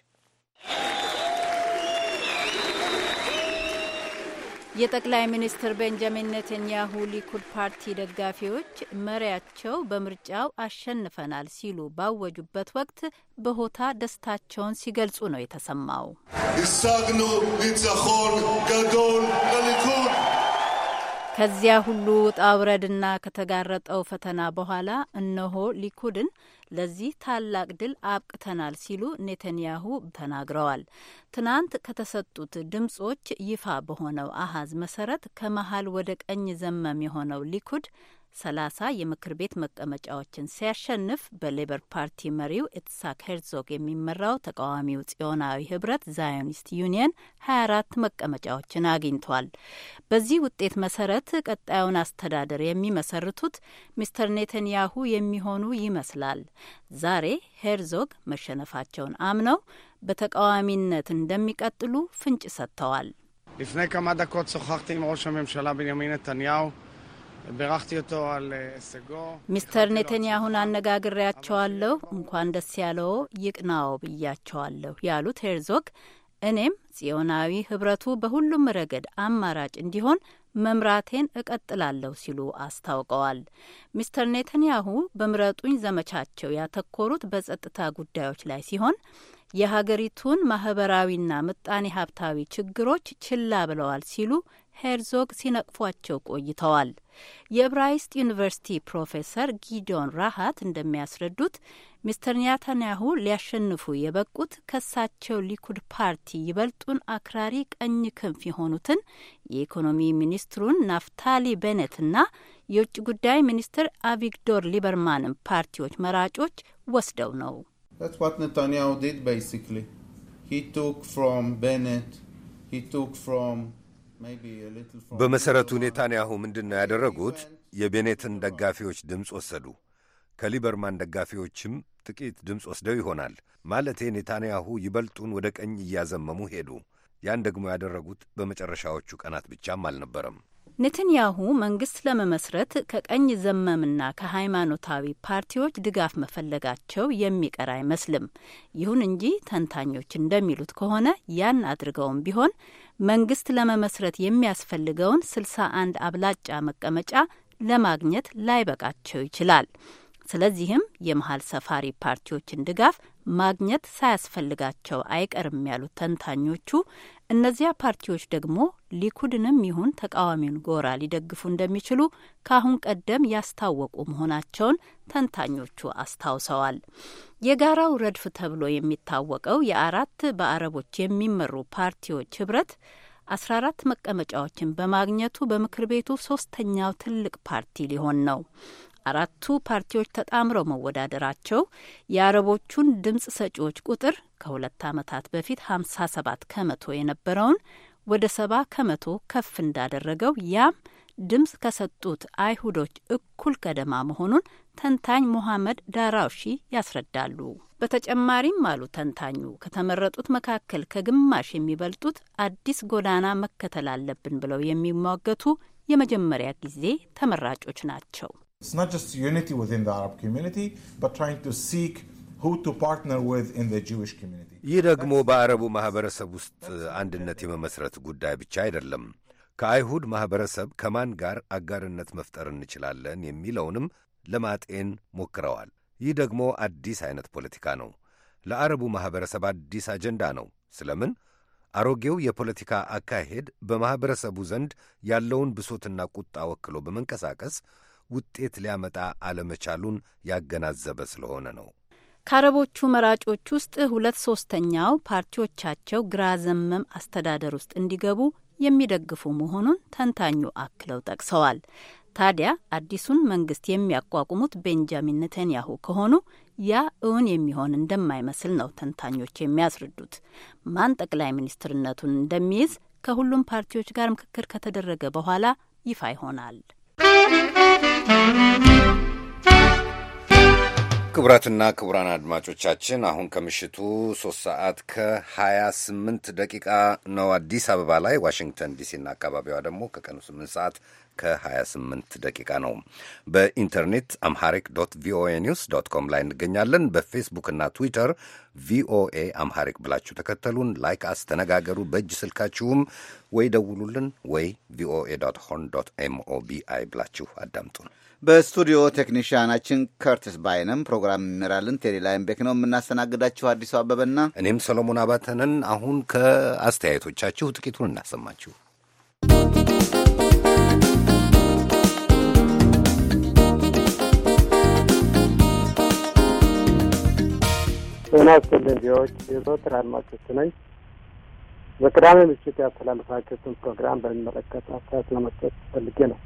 የጠቅላይ ሚኒስትር ቤንጃሚን ኔተንያሁ ሊኩድ ፓርቲ ደጋፊዎች መሪያቸው በምርጫው አሸንፈናል ሲሉ ባወጁበት ወቅት በሆታ ደስታቸውን ሲገልጹ ነው የተሰማው። ይሳግኑ ገዶል ለሊኩድ። ከዚያ ሁሉ ውጣ ውረድና ከተጋረጠው ፈተና በኋላ እነሆ ሊኩድን ለዚህ ታላቅ ድል አብቅተናል ሲሉ ኔተንያሁ ተናግረዋል። ትናንት ከተሰጡት ድምጾች ይፋ በሆነው አሃዝ መሰረት ከመሀል ወደ ቀኝ ዘመም የሆነው ሊኩድ ሰላሳ የምክር ቤት መቀመጫዎችን ሲያሸንፍ በሌበር ፓርቲ መሪው ኢትሳክ ሄርዞግ የሚመራው ተቃዋሚው ጽዮናዊ ህብረት ዛዮኒስት ዩኒየን 24 መቀመጫዎችን አግኝቷል። በዚህ ውጤት መሰረት ቀጣዩን አስተዳደር የሚመሰርቱት ሚስተር ኔተንያሁ የሚሆኑ ይመስላል። ዛሬ ሄርዞግ መሸነፋቸውን አምነው በተቃዋሚነት እንደሚቀጥሉ ፍንጭ ሰጥተዋል። לפני ከማ דקות שוחחתי עם ראש הממשלה בנימין ሚስተር ኔተንያሁን አነጋግሬያቸዋለሁ። እንኳን ደስ ያለው ይቅናው ብያቸዋለሁ ያሉት ሄርዞግ እኔም ጽዮናዊ ህብረቱ በሁሉም ረገድ አማራጭ እንዲሆን መምራቴን እቀጥላለሁ ሲሉ አስታውቀዋል። ሚስተር ኔተንያሁ በምረጡኝ ዘመቻቸው ያተኮሩት በጸጥታ ጉዳዮች ላይ ሲሆን የሀገሪቱን ማህበራዊና ምጣኔ ሀብታዊ ችግሮች ችላ ብለዋል ሲሉ ሄርዞግ ሲነቅፏቸው ቆይተዋል። የብራይስት ዩኒቨርሲቲ ፕሮፌሰር ጊዲዮን ራሃት እንደሚያስረዱት ሚስተር ኔታንያሁ ሊያሸንፉ የበቁት ከሳቸው ሊኩድ ፓርቲ ይበልጡን አክራሪ ቀኝ ክንፍ የሆኑትን የኢኮኖሚ ሚኒስትሩን ናፍታሊ ቤኔትና የውጭ ጉዳይ ሚኒስትር አቪግዶር ሊበርማንን ፓርቲዎች መራጮች ወስደው ነው። ኔታንያሁ በመሠረቱ ኔታንያሁ ምንድን ነው ያደረጉት? የቤኔትን ደጋፊዎች ድምፅ ወሰዱ። ከሊበርማን ደጋፊዎችም ጥቂት ድምፅ ወስደው ይሆናል። ማለቴ ኔታንያሁ ይበልጡን ወደ ቀኝ እያዘመሙ ሄዱ። ያን ደግሞ ያደረጉት በመጨረሻዎቹ ቀናት ብቻም አልነበረም። ኔትንያሁ መንግስት ለመመስረት ከቀኝ ዘመምና ከሃይማኖታዊ ፓርቲዎች ድጋፍ መፈለጋቸው የሚቀር አይመስልም። ይሁን እንጂ ተንታኞች እንደሚሉት ከሆነ ያን አድርገውም ቢሆን መንግስት ለመመስረት የሚያስፈልገውን 61 አብላጫ መቀመጫ ለማግኘት ላይበቃቸው ይችላል። ስለዚህም የመሀል ሰፋሪ ፓርቲዎችን ድጋፍ ማግኘት ሳያስፈልጋቸው አይቀርም ያሉት ተንታኞቹ፣ እነዚያ ፓርቲዎች ደግሞ ሊኩድንም ይሁን ተቃዋሚውን ጎራ ሊደግፉ እንደሚችሉ ከአሁን ቀደም ያስታወቁ መሆናቸውን ተንታኞቹ አስታውሰዋል። የጋራው ረድፍ ተብሎ የሚታወቀው የአራት በአረቦች የሚመሩ ፓርቲዎች ህብረት አስራ አራት መቀመጫዎችን በማግኘቱ በምክር ቤቱ ሶስተኛው ትልቅ ፓርቲ ሊሆን ነው። አራቱ ፓርቲዎች ተጣምረው መወዳደራቸው የአረቦቹን ድምፅ ሰጪዎች ቁጥር ከሁለት ዓመታት በፊት 57 ከመቶ የነበረውን ወደ ሰባ ከመቶ ከፍ እንዳደረገው ያም ድምፅ ከሰጡት አይሁዶች እኩል ገደማ መሆኑን ተንታኝ ሞሐመድ ዳራውሺ ያስረዳሉ። በተጨማሪም አሉ ተንታኙ፣ ከተመረጡት መካከል ከግማሽ የሚበልጡት አዲስ ጎዳና መከተል አለብን ብለው የሚሟገቱ የመጀመሪያ ጊዜ ተመራጮች ናቸው። It's not just unity within the Arab community, but trying to seek who to partner with in the Jewish community. ይህ ደግሞ በአረቡ ማህበረሰብ ውስጥ አንድነት የመመስረት ጉዳይ ብቻ አይደለም። ከአይሁድ ማህበረሰብ ከማን ጋር አጋርነት መፍጠር እንችላለን የሚለውንም ለማጤን ሞክረዋል። ይህ ደግሞ አዲስ አይነት ፖለቲካ ነው። ለአረቡ ማህበረሰብ አዲስ አጀንዳ ነው። ስለምን አሮጌው የፖለቲካ አካሄድ በማኅበረሰቡ ዘንድ ያለውን ብሶትና ቁጣ ወክሎ በመንቀሳቀስ ውጤት ሊያመጣ አለመቻሉን ያገናዘበ ስለሆነ ነው። ከአረቦቹ መራጮች ውስጥ ሁለት ሶስተኛው ፓርቲዎቻቸው ግራ ዘመም አስተዳደር ውስጥ እንዲገቡ የሚደግፉ መሆኑን ተንታኙ አክለው ጠቅሰዋል። ታዲያ አዲሱን መንግስት የሚያቋቁሙት ቤንጃሚን ኔተንያሁ ከሆኑ ያ እውን የሚሆን እንደማይመስል ነው ተንታኞች የሚያስረዱት። ማን ጠቅላይ ሚኒስትርነቱን እንደሚይዝ ከሁሉም ፓርቲዎች ጋር ምክክር ከተደረገ በኋላ ይፋ ይሆናል። ክቡራትና ክቡራን አድማጮቻችን አሁን ከምሽቱ 3 ሰዓት ከ28 ደቂቃ ነው አዲስ አበባ ላይ። ዋሽንግተን ዲሲና አካባቢዋ ደግሞ ከቀኑ 8 ሰዓት ከ28 ደቂቃ ነው። በኢንተርኔት አምሐሪክ ዶት ቪኦኤ ኒውስ ዶት ኮም ላይ እንገኛለን። በፌስቡክና ትዊተር ቪኦኤ አምሐሪክ ብላችሁ ተከተሉን፣ ላይክ አስተነጋገሩ። በእጅ ስልካችሁም ወይ ደውሉልን ወይ ቪኦኤ ዶት ሆን ዶት ኤምኦቢአይ ብላችሁ አዳምጡን። በስቱዲዮ ቴክኒሽያናችን ከርትስ ባይነም ፕሮግራም የሚመራልን ቴሌላይምቤክ ነው የምናስተናግዳችሁ አዲሱ አበበና እኔም ሰሎሞን አባተንን። አሁን ከአስተያየቶቻችሁ ጥቂቱን እናሰማችሁ። ጤና ይስጥልኝ ቪዎች የዘወትር አድማጮች ነኝ። በቅዳሜ ምሽት ያስተላልፋችሁትን ፕሮግራም በሚመለከት አስተያየት ለመስጠት ፈልጌ ነው።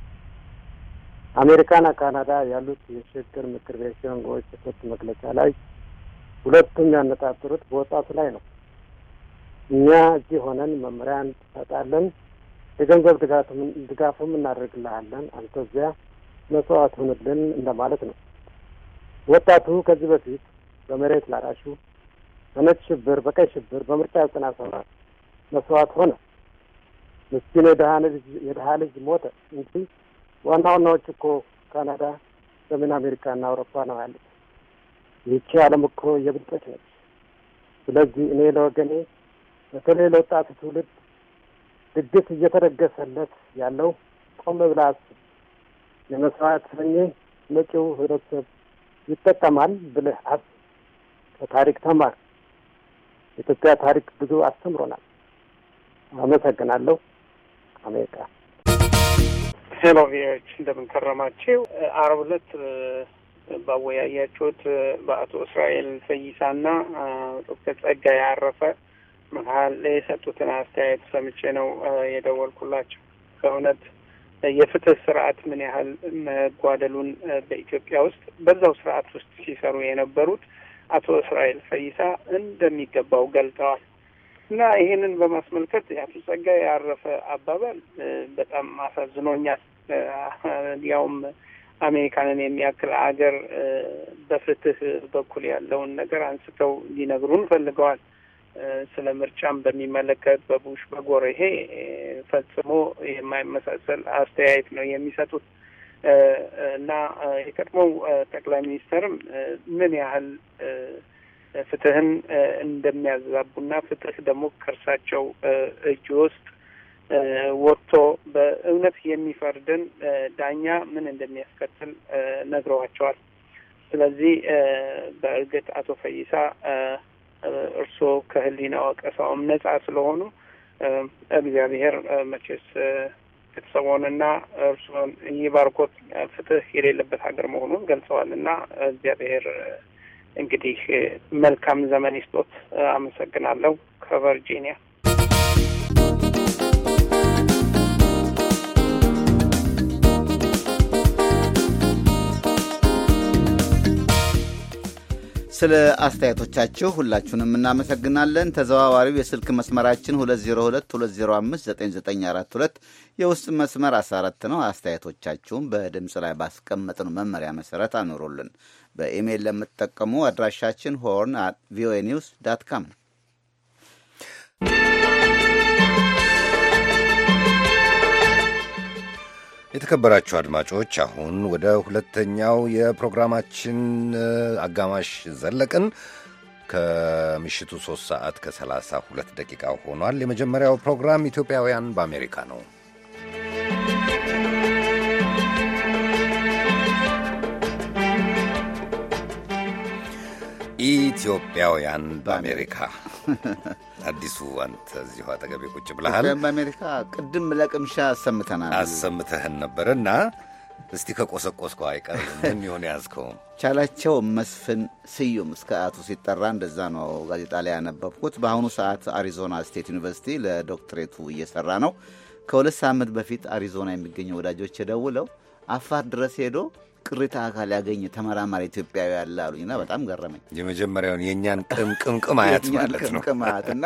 አሜሪካና ካናዳ ያሉት የሽግግር ምክር ቤት ሸንጎዎች የሰጡት መግለጫ ላይ ሁለቱም ያነጣጥሩት በወጣቱ ላይ ነው። እኛ እዚህ ሆነን መመሪያ እንሰጣለን፣ የገንዘብ ድጋፍም እናደርግልሃለን፣ አንተ እዚያ መስዋዕት ሁንልን እንደማለት ነው። ወጣቱ ከዚህ በፊት በመሬት ላራሹ፣ በነጭ ሽብር፣ በቀይ ሽብር፣ በምርጫ ዘጠና ሰባት መስዋዕት ሆነ። ምስኪን የድሃ ልጅ ሞተ እንጂ ዋና ዋናዎች እኮ ካናዳ፣ ሰሜን አሜሪካ እና አውሮፓ ነው ያሉት። ይቺ ዓለም እኮ የብልጦች ነች። ስለዚህ እኔ ለወገኔ በተለይ ለወጣቱ ትውልድ ድግስ እየተደገሰለት ያለው ቆም አስብ፣ የመስዋዕት ሰኜ መጪው ህብረተሰብ ይጠቀማል ብለህ አስብ። በታሪክ ተማር። የኢትዮጵያ ታሪክ ብዙ አስተምሮናል። አመሰግናለሁ። አሜሪካ ሄሎ ቪዎች እንደምንከረማቸው አርብ ዕለት ባወያያችሁት በአቶ እስራኤል ፈይሳና ዶክተር ጸጋ ያረፈ መሀል የሰጡትን አስተያየት ሰምቼ ነው የደወልኩላቸው። በእውነት የፍትህ ስርዓት ምን ያህል መጓደሉን በኢትዮጵያ ውስጥ በዛው ስርዓት ውስጥ ሲሰሩ የነበሩት አቶ እስራኤል ፈይሳ እንደሚገባው ገልጠዋል። እና ይህንን በማስመልከት የአቶ ጸጋ ያረፈ አባባል በጣም አሳዝኖኛል። ያውም አሜሪካንን የሚያክል አገር በፍትህ በኩል ያለውን ነገር አንስተው ሊነግሩን ፈልገዋል። ስለ ምርጫም በሚመለከት በቡሽ በጎረሄ ፈጽሞ የማይመሳሰል አስተያየት ነው የሚሰጡት። እና የቀድሞው ጠቅላይ ሚኒስትርም ምን ያህል ፍትህን እንደሚያዛቡና ፍትህ ደግሞ ከእርሳቸው እጅ ውስጥ ወጥቶ በእውነት የሚፈርድን ዳኛ ምን እንደሚያስከትል ነግረዋቸዋል። ስለዚህ በእርግጥ አቶ ፈይሳ እርስዎ ከህሊና ወቀሳውም ነጻ ስለሆኑ እግዚአብሔር መቼስ ቤተሰቦን እና እርሶን ፍትህ የሌለበት ሀገር መሆኑን ገልጸዋል እና እግዚአብሔር እንግዲህ መልካም ዘመን ይስጦት። አመሰግናለሁ። ከቨርጂኒያ ስለ አስተያየቶቻችሁ ሁላችሁንም እናመሰግናለን። ተዘዋዋሪው የስልክ መስመራችን 2022059942 የውስጥ መስመር 14 ነው። አስተያየቶቻችሁን በድምፅ ላይ ባስቀመጥነው መመሪያ መሰረት አኑሩልን። በኢሜይል ለምትጠቀሙ አድራሻችን ሆርን አት ቪኦኤ ኒውስ ዳት ካም ነው። የተከበራችሁ አድማጮች አሁን ወደ ሁለተኛው የፕሮግራማችን አጋማሽ ዘለቅን። ከምሽቱ ሶስት ሰዓት ከሰላሳ ሁለት ደቂቃ ሆኗል። የመጀመሪያው ፕሮግራም ኢትዮጵያውያን በአሜሪካ ነው። ኢትዮጵያውያን በአሜሪካ አዲሱ አንተ እዚሁ አጠገቤ ቁጭ ብለሃል። በአሜሪካ ቅድም ለቅምሻ አሰምተናል አሰምተህን ነበር ነበርና እስቲ ከቆሰቆስከው አይቀር ምን ይሆን ያዝከው። ቻላቸው መስፍን ስዩም እስከ አቶ ሲጠራ እንደዛ ነው ጋዜጣ ላይ ያነበብኩት። በአሁኑ ሰዓት አሪዞና ስቴት ዩኒቨርሲቲ ለዶክትሬቱ እየሰራ ነው። ከሁለት ሳምንት በፊት አሪዞና የሚገኘው ወዳጆች ደውለው አፋር ድረስ ሄዶ ቅሪታ አካል ያገኘ ተመራማሪ ኢትዮጵያዊ ያለ አሉኝ እና በጣም ገረመኝ። የመጀመሪያውን የእኛን ቅምቅምቅም አያት ማለት ነው ቅምቅም አያት እና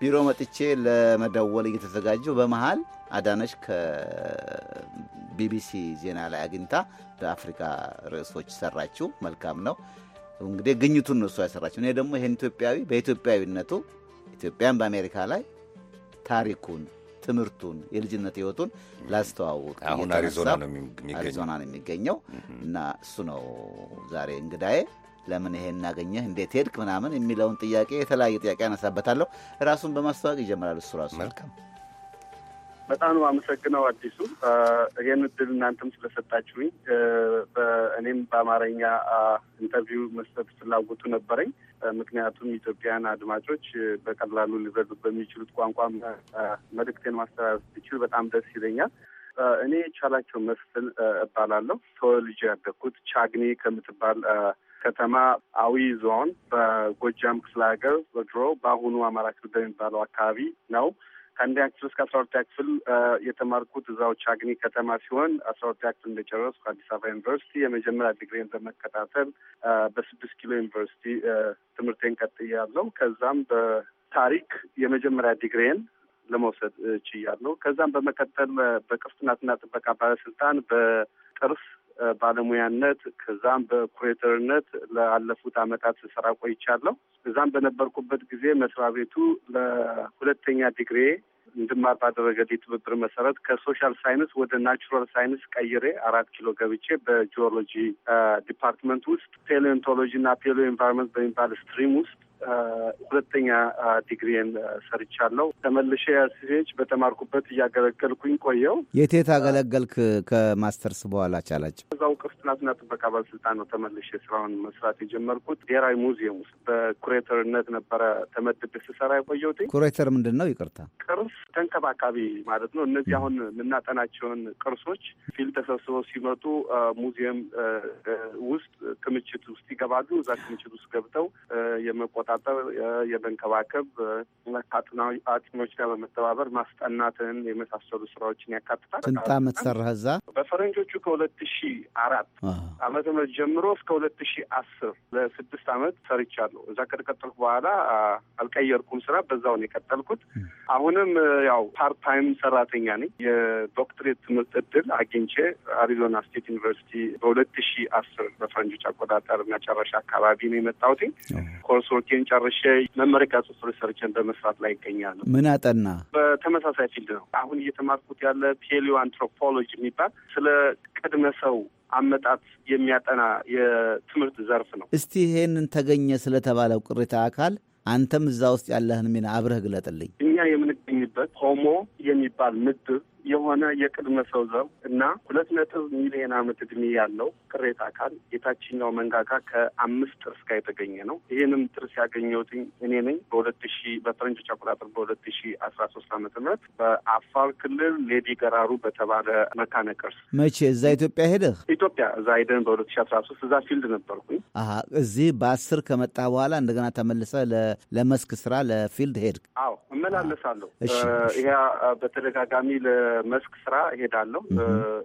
ቢሮ መጥቼ ለመደወል እየተዘጋጀው በመሀል አዳነች ከቢቢሲ ዜና ላይ አግኝታ በአፍሪካ ርዕሶች ሰራችው። መልካም ነው እንግዲህ ግኝቱን ነው እሷ ያሰራችው። እኔ ደግሞ ይህን ኢትዮጵያዊ በኢትዮጵያዊነቱ ኢትዮጵያን በአሜሪካ ላይ ታሪኩን ትምህርቱን የልጅነት ህይወቱን ላስተዋውቅ አሁን አሪዞና ነው የሚገኘው እና እሱ ነው ዛሬ እንግዳዬ። ለምን ይሄ እናገኘህ እንዴት ሄድክ ምናምን የሚለውን ጥያቄ የተለያየ ጥያቄ አነሳበታለሁ ራሱን በማስተዋወቅ ይጀምራል እሱ ራሱ። መልካም በጣም ነው አመሰግነው አዲሱ ይህን እድል እናንተም ስለሰጣችሁኝ። እኔም በአማርኛ ኢንተርቪው መስጠት ፍላጎቱ ነበረኝ። ምክንያቱም ኢትዮጵያን አድማጮች በቀላሉ ሊረዱት በሚችሉት ቋንቋ መልእክቴን ማስተላለፍ ቢችል በጣም ደስ ይለኛል። እኔ የቻላቸው መስፍን እባላለሁ። ተወልጄ ያደግኩት ቻግኒ ከምትባል ከተማ አዊ ዞን በጎጃም ክፍለ ሀገር በድሮ በአሁኑ አማራ ክልል በሚባለው አካባቢ ነው። ከአንደኛ ክፍል እስከ አስራ ሁለተኛ ክፍል የተማርኩት እዛው ቻግኒ ከተማ ሲሆን አስራ ሁለተኛ ክፍል እንደጨረስኩ አዲስ አበባ ዩኒቨርሲቲ የመጀመሪያ ዲግሪን በመከታተል በስድስት ኪሎ ዩኒቨርሲቲ ትምህርቴን ቀጥያለሁ። ከዛም በታሪክ የመጀመሪያ ዲግሪን ለመውሰድ ችያለሁ። ከዛም በመቀጠል በቅርስ ጥናትና ጥበቃ ባለስልጣን በጥርስ ባለሙያነት ከዛም በኩሬተርነት ለአለፉት አመታት ስሰራ ቆይቻለሁ። እዛም በነበርኩበት ጊዜ መስሪያ ቤቱ ለሁለተኛ ዲግሪ እንድማር ባደረገልኝ ትብብር መሰረት ከሶሻል ሳይንስ ወደ ናቹራል ሳይንስ ቀይሬ አራት ኪሎ ገብቼ በጂኦሎጂ ዲፓርትመንት ውስጥ ፔሊዮንቶሎጂ እና ፔሊዮ ኤንቫይሮንመንት በሚባል ስትሪም ውስጥ ሁለተኛ ዲግሪን ሰርቻለሁ። ተመልሼ ያሲሴች በተማርኩበት እያገለገልኩኝ ቆየው። የት የት አገለገልክ ከማስተርስ በኋላ ቻላቸው? እዛው ቅርስ ጥናትና ጥበቃ ባለስልጣን ነው ተመልሼ ስራውን መስራት የጀመርኩት። ብሔራዊ ሙዚየም ውስጥ በኩሬተርነት ነበረ ተመድቤ ስሰራ የቆየሁት። ኩሬተር ምንድን ነው? ይቅርታ ቅርስ ተንከባካቢ ማለት ነው። እነዚህ አሁን የምናጠናቸውን ቅርሶች ፊልድ ተሰብስበው ሲመጡ ሙዚየም ውስጥ ክምችት ውስጥ ይገባሉ። እዛ ክምችት ውስጥ ገብተው የመቆጣ የመቆጣጠር፣ የመንከባከብ ከአጥኖች ጋር በመተባበር ማስጠናትን የመሳሰሉ ስራዎችን ያካትታል። ስንት ዓመት ሰራህ እዛ? በፈረንጆቹ ከሁለት ሺ አራት ዓመተ ምህረት ጀምሮ እስከ ሁለት ሺ አስር ለስድስት ዓመት ሰርቻለሁ። እዛ ከተቀጠልኩ በኋላ አልቀየርኩም ስራ፣ በዛው ነው የቀጠልኩት። አሁንም ያው ፓርት ታይም ሰራተኛ ነኝ። የዶክትሬት ትምህርት እድል አግኝቼ አሪዞና ስቴት ዩኒቨርሲቲ በሁለት ሺ አስር በፈረንጆች አቆጣጠር መጨረሻ አካባቢ ነው የመጣሁት ኮርስ ትምህርቴን ጨርሼ መመረቂያ ጽሑፍ ሪሰርችን በመስራት ላይ ይገኛሉ። ምን አጠና? በተመሳሳይ ፊልድ ነው አሁን እየተማርኩት ያለ ፔሊዮ አንትሮፖሎጂ የሚባል ስለ ቅድመ ሰው አመጣት የሚያጠና የትምህርት ዘርፍ ነው። እስቲ ይሄንን ተገኘ ስለተባለው ቅሪተ አካል አንተም እዛ ውስጥ ያለህን ሚና አብረህ ግለጥልኝ። እኛ የምንገኝበት ሆሞ የሚባል ምድብ የሆነ የቅድመ ሰው ዘር እና ሁለት ነጥብ ሚሊዮን ዓመት እድሜ ያለው ቅሬታ አካል የታችኛው መንጋጋ ከአምስት ጥርስ ጋር የተገኘ ነው። ይህንም ጥርስ ያገኘሁት እኔ ነኝ በሁለት ሺ በፈረንጆች አቆጣጠር በሁለት ሺ አስራ ሶስት ዓመተ ምህረት በአፋር ክልል ሌዲ ገራሩ በተባለ መካነ ቅርስ። መቼ እዛ ኢትዮጵያ ሄደህ? ኢትዮጵያ እዛ ሄደን በሁለት ሺ አስራ ሶስት እዛ ፊልድ ነበርኩኝ። አሀ እዚህ በአስር ከመጣ በኋላ እንደገና ተመልሰ ለመስክ ስራ ለፊልድ ሄድክ? አዎ እመላለሳለሁ። ይሄ በተደጋጋሚ ለ መስክ ስራ እሄዳለሁ።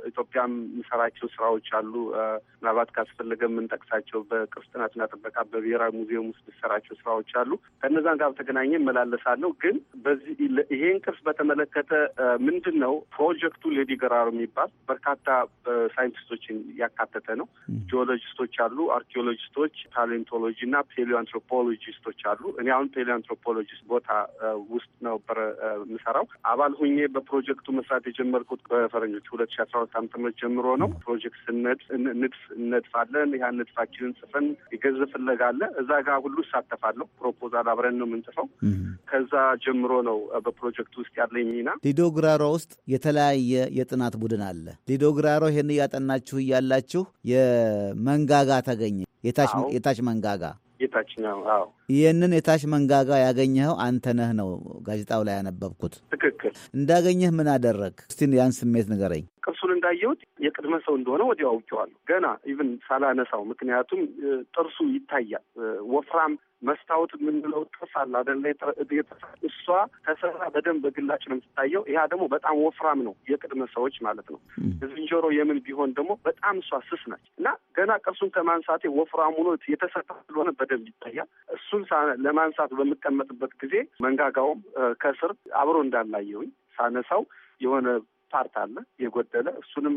ኢትዮጵያም የምሰራቸው ስራዎች አሉ። ምናልባት ካስፈለገ የምንጠቅሳቸው በቅርስ ጥናትና ጥበቃ በብሔራዊ ሙዚየም ውስጥ የምሰራቸው ስራዎች አሉ። ከእነዛን ጋር በተገናኘ እመላለሳለሁ። ግን በዚህ ይሄን ቅርስ በተመለከተ ምንድን ነው ፕሮጀክቱ ሌዲ ገራሩ የሚባል በርካታ ሳይንቲስቶችን ያካተተ ነው። ጂኦሎጂስቶች አሉ፣ አርኪኦሎጂስቶች፣ ፓሌንቶሎጂ እና ፔሊአንትሮፖሎጂስቶች አሉ። እኔ አሁን ፔሊአንትሮፖሎጂስት ቦታ ውስጥ ነበረ የምሰራው አባል ሁኜ በፕሮጀክቱ መስራት ጥናት የጀመርኩት በፈረኞች ሁለት ሺ አስራ ሁለት ዓመተ ምህረት ጀምሮ ነው። ፕሮጀክት ስንድፍ ንድፍ እነድፋለን። ያ ንድፋችንን ጽፈን ይገዝ ፍለጋለ እዛ ጋር ሁሉ እሳተፋለሁ። ፕሮፖዛል አብረን ነው የምንጽፈው። ከዛ ጀምሮ ነው በፕሮጀክቱ ውስጥ ያለኝ ሚና። ሊዶግራሮ ውስጥ የተለያየ የጥናት ቡድን አለ። ሊዶግራሮ ይህን እያጠናችሁ እያላችሁ የመንጋጋ ተገኘ የታች መንጋጋ የታችኛው አዎ። ይህንን የታች መንጋጋ ያገኘኸው አንተ ነህ ነው ጋዜጣው ላይ ያነበብኩት። ትክክል። እንዳገኘህ ምን አደረግ? እስቲ ያን ስሜት ንገረኝ። ቅርሱን እንዳየሁት የቅድመ ሰው እንደሆነ ወዲያው አውቄዋለሁ። ገና ኢቭን ሳላነሳው፣ ምክንያቱም ጥርሱ ይታያል። ወፍራም መስታወት የምንለው ጥርስ አለ አደለ? እሷ ተሰራ በደንብ በግላጭ ነው የምትታየው። ይህ ደግሞ በጣም ወፍራም ነው፣ የቅድመ ሰዎች ማለት ነው። ዝንጀሮ የምን ቢሆን ደግሞ በጣም እሷ ስስ ነች እና ገና ቅርሱን ከማንሳቴ ወፍራም ሆኖ የተሰራ ስለሆነ በደንብ ይታያል። እሱን ለማንሳት በምቀመጥበት ጊዜ መንጋጋውም ከስር አብሮ እንዳላየውኝ ሳነሳው የሆነ ፓርት አለ የጎደለ እሱንም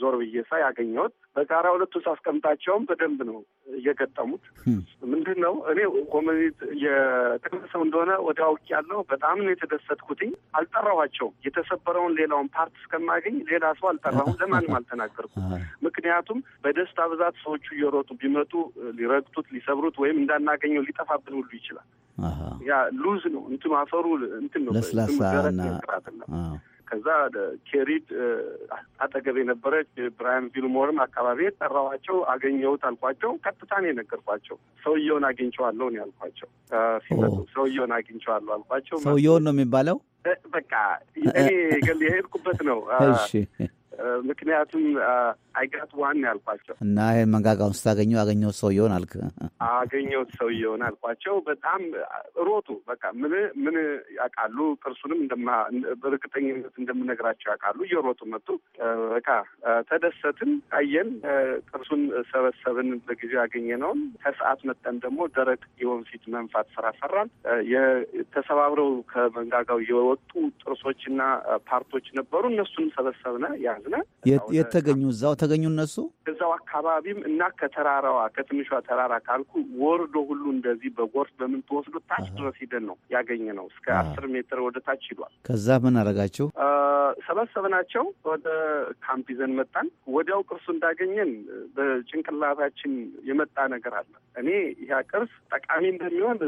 ዞር ብዬ ሳይ ያገኘሁት በጋራ ሁለቱ ሳስቀምጣቸውም በደንብ ነው እየገጠሙት። ምንድን ነው እኔ ኮሚኒት የጥቅም ሰው እንደሆነ ወደ አውቅ ያለው በጣም ነው የተደሰትኩትኝ። አልጠራኋቸውም። የተሰበረውን ሌላውን ፓርት እስከማገኝ ሌላ ሰው አልጠራሁም፣ ለማንም አልተናገርኩም። ምክንያቱም በደስታ ብዛት ሰዎቹ እየሮጡ ቢመጡ ሊረግጡት፣ ሊሰብሩት ወይም እንዳናገኘው ሊጠፋብን ሁሉ ይችላል። ያ ሉዝ ነው እንትኑ አፈሩ እንትን ነው ለስላሳ ከዛ ኬሪድ አጠገብ የነበረች ብራያን ቪልሞርም አካባቢ ጠራዋቸው፣ አገኘሁት አልኳቸው። ቀጥታ ነው የነገርኳቸው። ሰውየውን አግኝቼዋለሁ ነው ያልኳቸው። ሲመጡ ሰውየውን አግኝቼዋለሁ አልኳቸው። ሰውየውን ነው የሚባለው በቃ እኔ የሄድኩበት ነው። እሺ ምክንያቱም አይጋት ዋን ያልኳቸው እና ይህን መንጋጋውን ስታገኘ አገኘው ሰው ይሆን አልክ አገኘው ሰው ይሆን አልኳቸው። በጣም ሮጡ። በቃ ምን ምን ያውቃሉ። ቅርሱንም በእርግጠኝነት እንደምነግራቸው ያውቃሉ። እየሮጡ መጡ። በቃ ተደሰትን፣ አየን። ቅርሱን ሰበሰብን። በጊዜው ያገኘነውን ከሰዓት መጠን ደግሞ ደረቅ የወንፊት መንፋት ስራ ሰራን። ተሰባብረው ከመንጋጋው የወጡ ጥርሶችና ፓርቶች ነበሩ። እነሱን ሰበሰብነ ያለ ብለን የተገኙ እዛው ተገኙ እነሱ እዛው አካባቢም እና ከተራራዋ ከትንሿ ተራራ ካልኩ ወርዶ ሁሉ እንደዚህ በጎርፍ በምን ተወስዶ ታች ድረስ ሂደን ነው ያገኘ ነው። እስከ አስር ሜትር ወደ ታች ሂዷል። ከዛ ምን አረጋችሁ? ሰበሰብናቸው ወደ ካምፕ ይዘን መጣን። ወዲያው ቅርሱ እንዳገኘን በጭንቅላታችን የመጣ ነገር አለ። እኔ ያ ቅርስ ጠቃሚ እንደሚሆን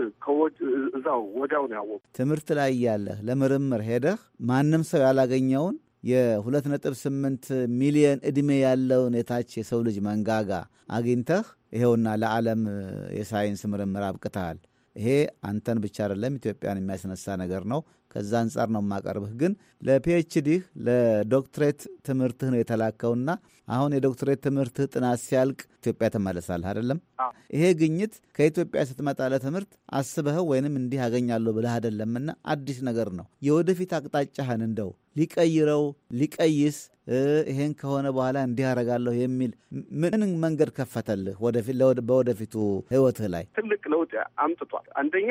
እዛው ወዲያው ነው ያወቁ። ትምህርት ላይ ያለህ ለምርምር ሄደህ ማንም ሰው ያላገኘውን የ2.8 ሚሊዮን ዕድሜ ያለውን የታች የሰው ልጅ መንጋጋ አግኝተህ ይኸውና ለዓለም የሳይንስ ምርምር አብቅተሃል። ይሄ አንተን ብቻ አይደለም ኢትዮጵያን የሚያስነሳ ነገር ነው። ከዛ አንጻር ነው የማቀርብህ። ግን ለፒኤችዲህ ለዶክትሬት ትምህርትህ ነው የተላከውና አሁን የዶክትሬት ትምህርትህ ጥናት ሲያልቅ ኢትዮጵያ ትመለሳለህ አይደለም? ይሄ ግኝት ከኢትዮጵያ ስትመጣ ለትምህርት አስበኸው ወይንም እንዲህ ያገኛለሁ ብለህ አይደለምና አዲስ ነገር ነው። የወደፊት አቅጣጫህን እንደው ሊቀይረው ሊቀይስ ይሄን ከሆነ በኋላ እንዲህ አደርጋለሁ የሚል ምን መንገድ ከፈተልህ በወደፊቱ ህይወትህ ላይ? ትልቅ ለውጥ አምጥቷል። አንደኛ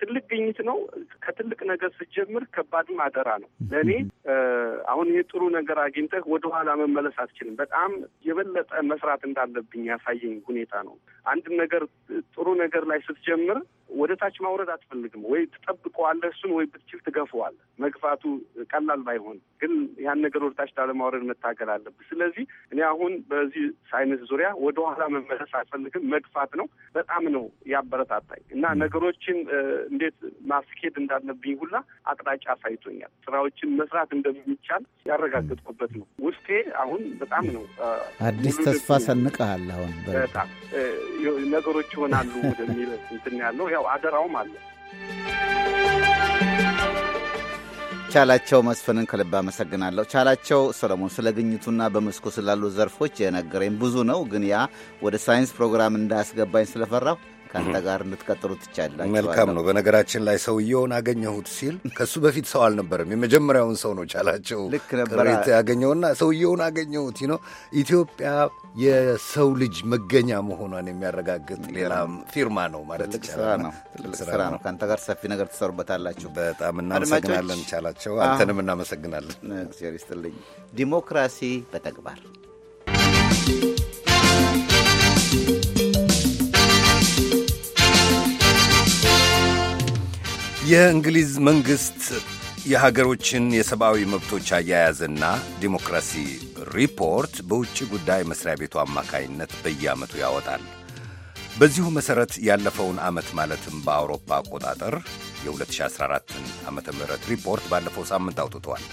ትልቅ ግኝት ነው። ከትልቅ ነገር ስትጀምር ከባድም አደራ ነው። ለእኔ አሁን ይሄ ጥሩ ነገር አግኝተህ ወደኋላ መመለስ አትችልም። በጣም የበለጠ መስራት እንዳለብኝ ያሳየኝ ሁኔታ ነው። አንድ ነገር ጥሩ ነገር ላይ ስትጀምር ወደ ታች ማውረድ አትፈልግም። ወይ ትጠብቀዋለህ እሱን፣ ወይ ብትችል ትገፈዋለህ። መግፋቱ ቀላል ባይሆን ግን ያን ነገር ወደ ታች ላለማ ለማውረድ መታገል አለብን። ስለዚህ እኔ አሁን በዚህ ሳይንስ ዙሪያ ወደኋላ መመለስ አልፈልግም። መግፋት ነው በጣም ነው ያበረታታኝ እና ነገሮችን እንዴት ማስኬድ እንዳለብኝ ሁላ አቅጣጫ አሳይቶኛል። ስራዎችን መስራት እንደሚቻል ያረጋገጥኩበት ነው። ውስጤ አሁን በጣም ነው አዲስ ተስፋ ሰንቀሃል። አሁን በጣም ነገሮች ይሆናሉ ወደሚል እንትን ያለው ያው አደራውም አለ። ቻላቸው መስፍንን ከልብ አመሰግናለሁ። ቻላቸው ሰለሞን፣ ስለ ግኝቱና በመስኩ ስላሉ ዘርፎች የነገረኝ ብዙ ነው፣ ግን ያ ወደ ሳይንስ ፕሮግራም እንዳያስገባኝ ስለፈራሁ ከአንተ ጋር እንድትቀጥሉ ትቻላችሁ። መልካም ነው። በነገራችን ላይ ሰውየውን አገኘሁት ሲል ከእሱ በፊት ሰው አልነበረም። የመጀመሪያውን ሰው ነው ቻላቸው ልክ ነበር ያገኘውና ሰውየውን አገኘሁት ነው። ኢትዮጵያ የሰው ልጅ መገኛ መሆኗን የሚያረጋግጥ ሌላ ፊርማ ነው ማለት ይቻላል። ስራ ነው። ከአንተ ጋር ሰፊ ነገር ትሰሩበታላችሁ። በጣም እናመሰግናለን ቻላቸው። አንተንም እናመሰግናለን። ዲሞክራሲ በተግባር የእንግሊዝ መንግሥት የሀገሮችን የሰብአዊ መብቶች አያያዝና ዲሞክራሲ ሪፖርት በውጭ ጉዳይ መስሪያ ቤቱ አማካይነት በየዓመቱ ያወጣል። በዚሁ መሠረት ያለፈውን ዓመት ማለትም በአውሮፓ አቆጣጠር የ2014 ዓ ም ሪፖርት ባለፈው ሳምንት አውጥተዋል።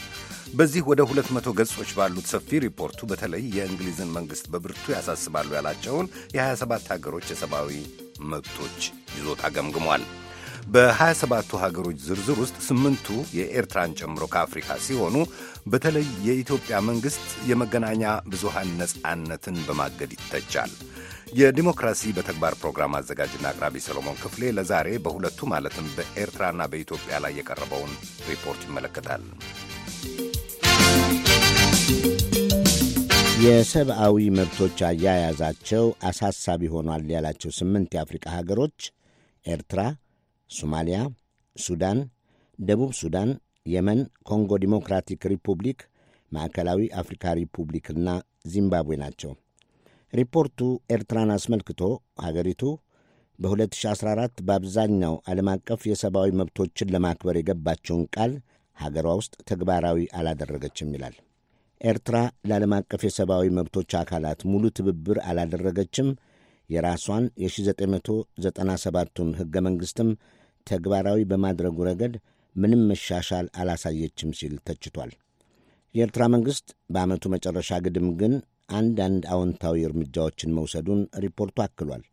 በዚህ ወደ 200 ገጾች ባሉት ሰፊ ሪፖርቱ በተለይ የእንግሊዝን መንግሥት በብርቱ ያሳስባሉ ያላቸውን የ27 ሀገሮች የሰብአዊ መብቶች ይዞታ ገምግሟል። በ27ቱ ሀገሮች ዝርዝር ውስጥ ስምንቱ የኤርትራን ጨምሮ ከአፍሪካ ሲሆኑ በተለይ የኢትዮጵያ መንግሥት የመገናኛ ብዙሃን ነጻነትን በማገድ ይተቻል። የዲሞክራሲ በተግባር ፕሮግራም አዘጋጅና አቅራቢ ሰሎሞን ክፍሌ ለዛሬ በሁለቱ ማለትም በኤርትራና በኢትዮጵያ ላይ የቀረበውን ሪፖርት ይመለከታል። የሰብአዊ መብቶች አያያዛቸው አሳሳቢ ሆኗል ያላቸው ስምንት የአፍሪቃ ሀገሮች ኤርትራ፣ ሶማሊያ፣ ሱዳን፣ ደቡብ ሱዳን፣ የመን፣ ኮንጎ ዲሞክራቲክ ሪፑብሊክ፣ ማዕከላዊ አፍሪካ ሪፑብሊክና ዚምባብዌ ናቸው። ሪፖርቱ ኤርትራን አስመልክቶ ሀገሪቱ በ2014 በአብዛኛው ዓለም አቀፍ የሰብአዊ መብቶችን ለማክበር የገባቸውን ቃል ሀገሯ ውስጥ ተግባራዊ አላደረገችም ይላል። ኤርትራ ለዓለም አቀፍ የሰብአዊ መብቶች አካላት ሙሉ ትብብር አላደረገችም፣ የራሷን የ1997ቱን ሕገ መንግሥትም ተግባራዊ በማድረጉ ረገድ ምንም መሻሻል አላሳየችም ሲል ተችቷል። የኤርትራ መንግሥት በዓመቱ መጨረሻ ግድም ግን አንዳንድ አዎንታዊ እርምጃዎችን መውሰዱን ሪፖርቱ አክሏል።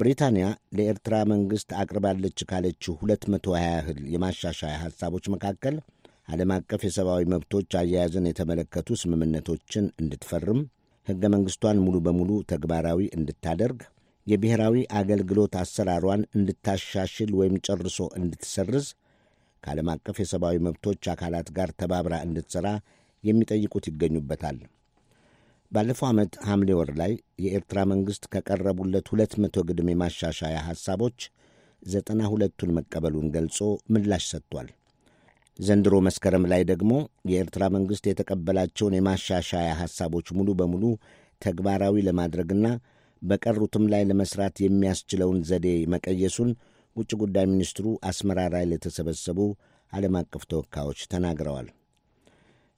ብሪታንያ ለኤርትራ መንግሥት አቅርባለች ካለችው 220 ያህል የማሻሻያ ሐሳቦች መካከል ዓለም አቀፍ የሰብአዊ መብቶች አያያዝን የተመለከቱ ስምምነቶችን እንድትፈርም ሕገ መንግሥቷን ሙሉ በሙሉ ተግባራዊ እንድታደርግ የብሔራዊ አገልግሎት አሰራሯን እንድታሻሽል ወይም ጨርሶ እንድትሰርዝ ከዓለም አቀፍ የሰብአዊ መብቶች አካላት ጋር ተባብራ እንድትሠራ የሚጠይቁት ይገኙበታል። ባለፈው ዓመት ሐምሌ ወር ላይ የኤርትራ መንግሥት ከቀረቡለት ሁለት መቶ ግድም የማሻሻያ ሐሳቦች ዘጠና ሁለቱን መቀበሉን ገልጾ ምላሽ ሰጥቷል። ዘንድሮ መስከረም ላይ ደግሞ የኤርትራ መንግሥት የተቀበላቸውን የማሻሻያ ሐሳቦች ሙሉ በሙሉ ተግባራዊ ለማድረግና በቀሩትም ላይ ለመስራት የሚያስችለውን ዘዴ መቀየሱን ውጭ ጉዳይ ሚኒስትሩ አስመራ ላይ ለተሰበሰቡ ዓለም አቀፍ ተወካዮች ተናግረዋል።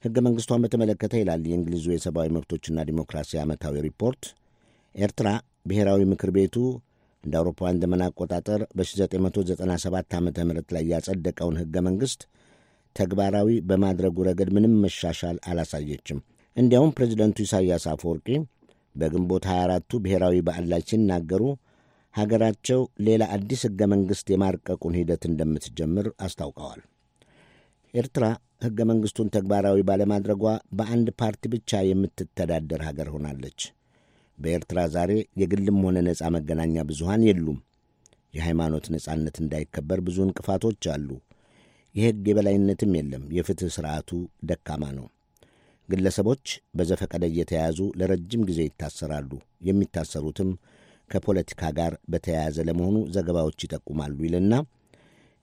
ሕገ መንግሥቷን በተመለከተ ይላል የእንግሊዙ የሰብአዊ መብቶችና ዲሞክራሲ ዓመታዊ ሪፖርት፣ ኤርትራ ብሔራዊ ምክር ቤቱ እንደ አውሮፓውያን ዘመን አቆጣጠር በ1997 ዓ ም ላይ ያጸደቀውን ሕገ መንግሥት ተግባራዊ በማድረጉ ረገድ ምንም መሻሻል አላሳየችም። እንዲያውም ፕሬዚደንቱ ኢሳያስ አፈወርቂ በግንቦት 24ቱ ብሔራዊ በዓል ላይ ሲናገሩ ሀገራቸው ሌላ አዲስ ሕገ መንግሥት የማርቀቁን ሂደት እንደምትጀምር አስታውቀዋል። ኤርትራ ሕገ መንግሥቱን ተግባራዊ ባለማድረጓ በአንድ ፓርቲ ብቻ የምትተዳደር ሀገር ሆናለች። በኤርትራ ዛሬ የግልም ሆነ ነፃ መገናኛ ብዙሃን የሉም። የሃይማኖት ነፃነት እንዳይከበር ብዙ እንቅፋቶች አሉ። የሕግ የበላይነትም የለም። የፍትሕ ሥርዓቱ ደካማ ነው። ግለሰቦች በዘፈቀደ እየተያዙ ለረጅም ጊዜ ይታሰራሉ። የሚታሰሩትም ከፖለቲካ ጋር በተያያዘ ለመሆኑ ዘገባዎች ይጠቁማሉ ይልና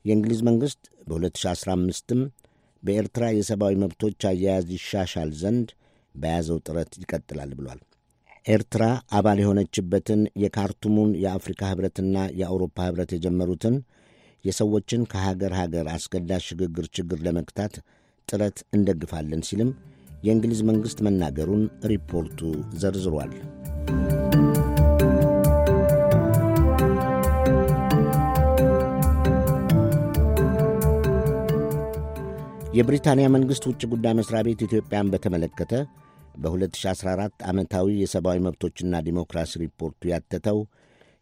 የእንግሊዝ መንግሥት በ2015ም በኤርትራ የሰብአዊ መብቶች አያያዝ ይሻሻል ዘንድ በያዘው ጥረት ይቀጥላል ብሏል። ኤርትራ አባል የሆነችበትን የካርቱሙን የአፍሪካ ኅብረትና የአውሮፓ ኅብረት የጀመሩትን የሰዎችን ከሀገር ሀገር አስገዳጅ ሽግግር ችግር ለመግታት ጥረት እንደግፋለን ሲልም የእንግሊዝ መንግሥት መናገሩን ሪፖርቱ ዘርዝሯል። የብሪታንያ መንግሥት ውጭ ጉዳይ መሥሪያ ቤት ኢትዮጵያን በተመለከተ በ2014 ዓመታዊ የሰብአዊ መብቶችና ዲሞክራሲ ሪፖርቱ ያተተው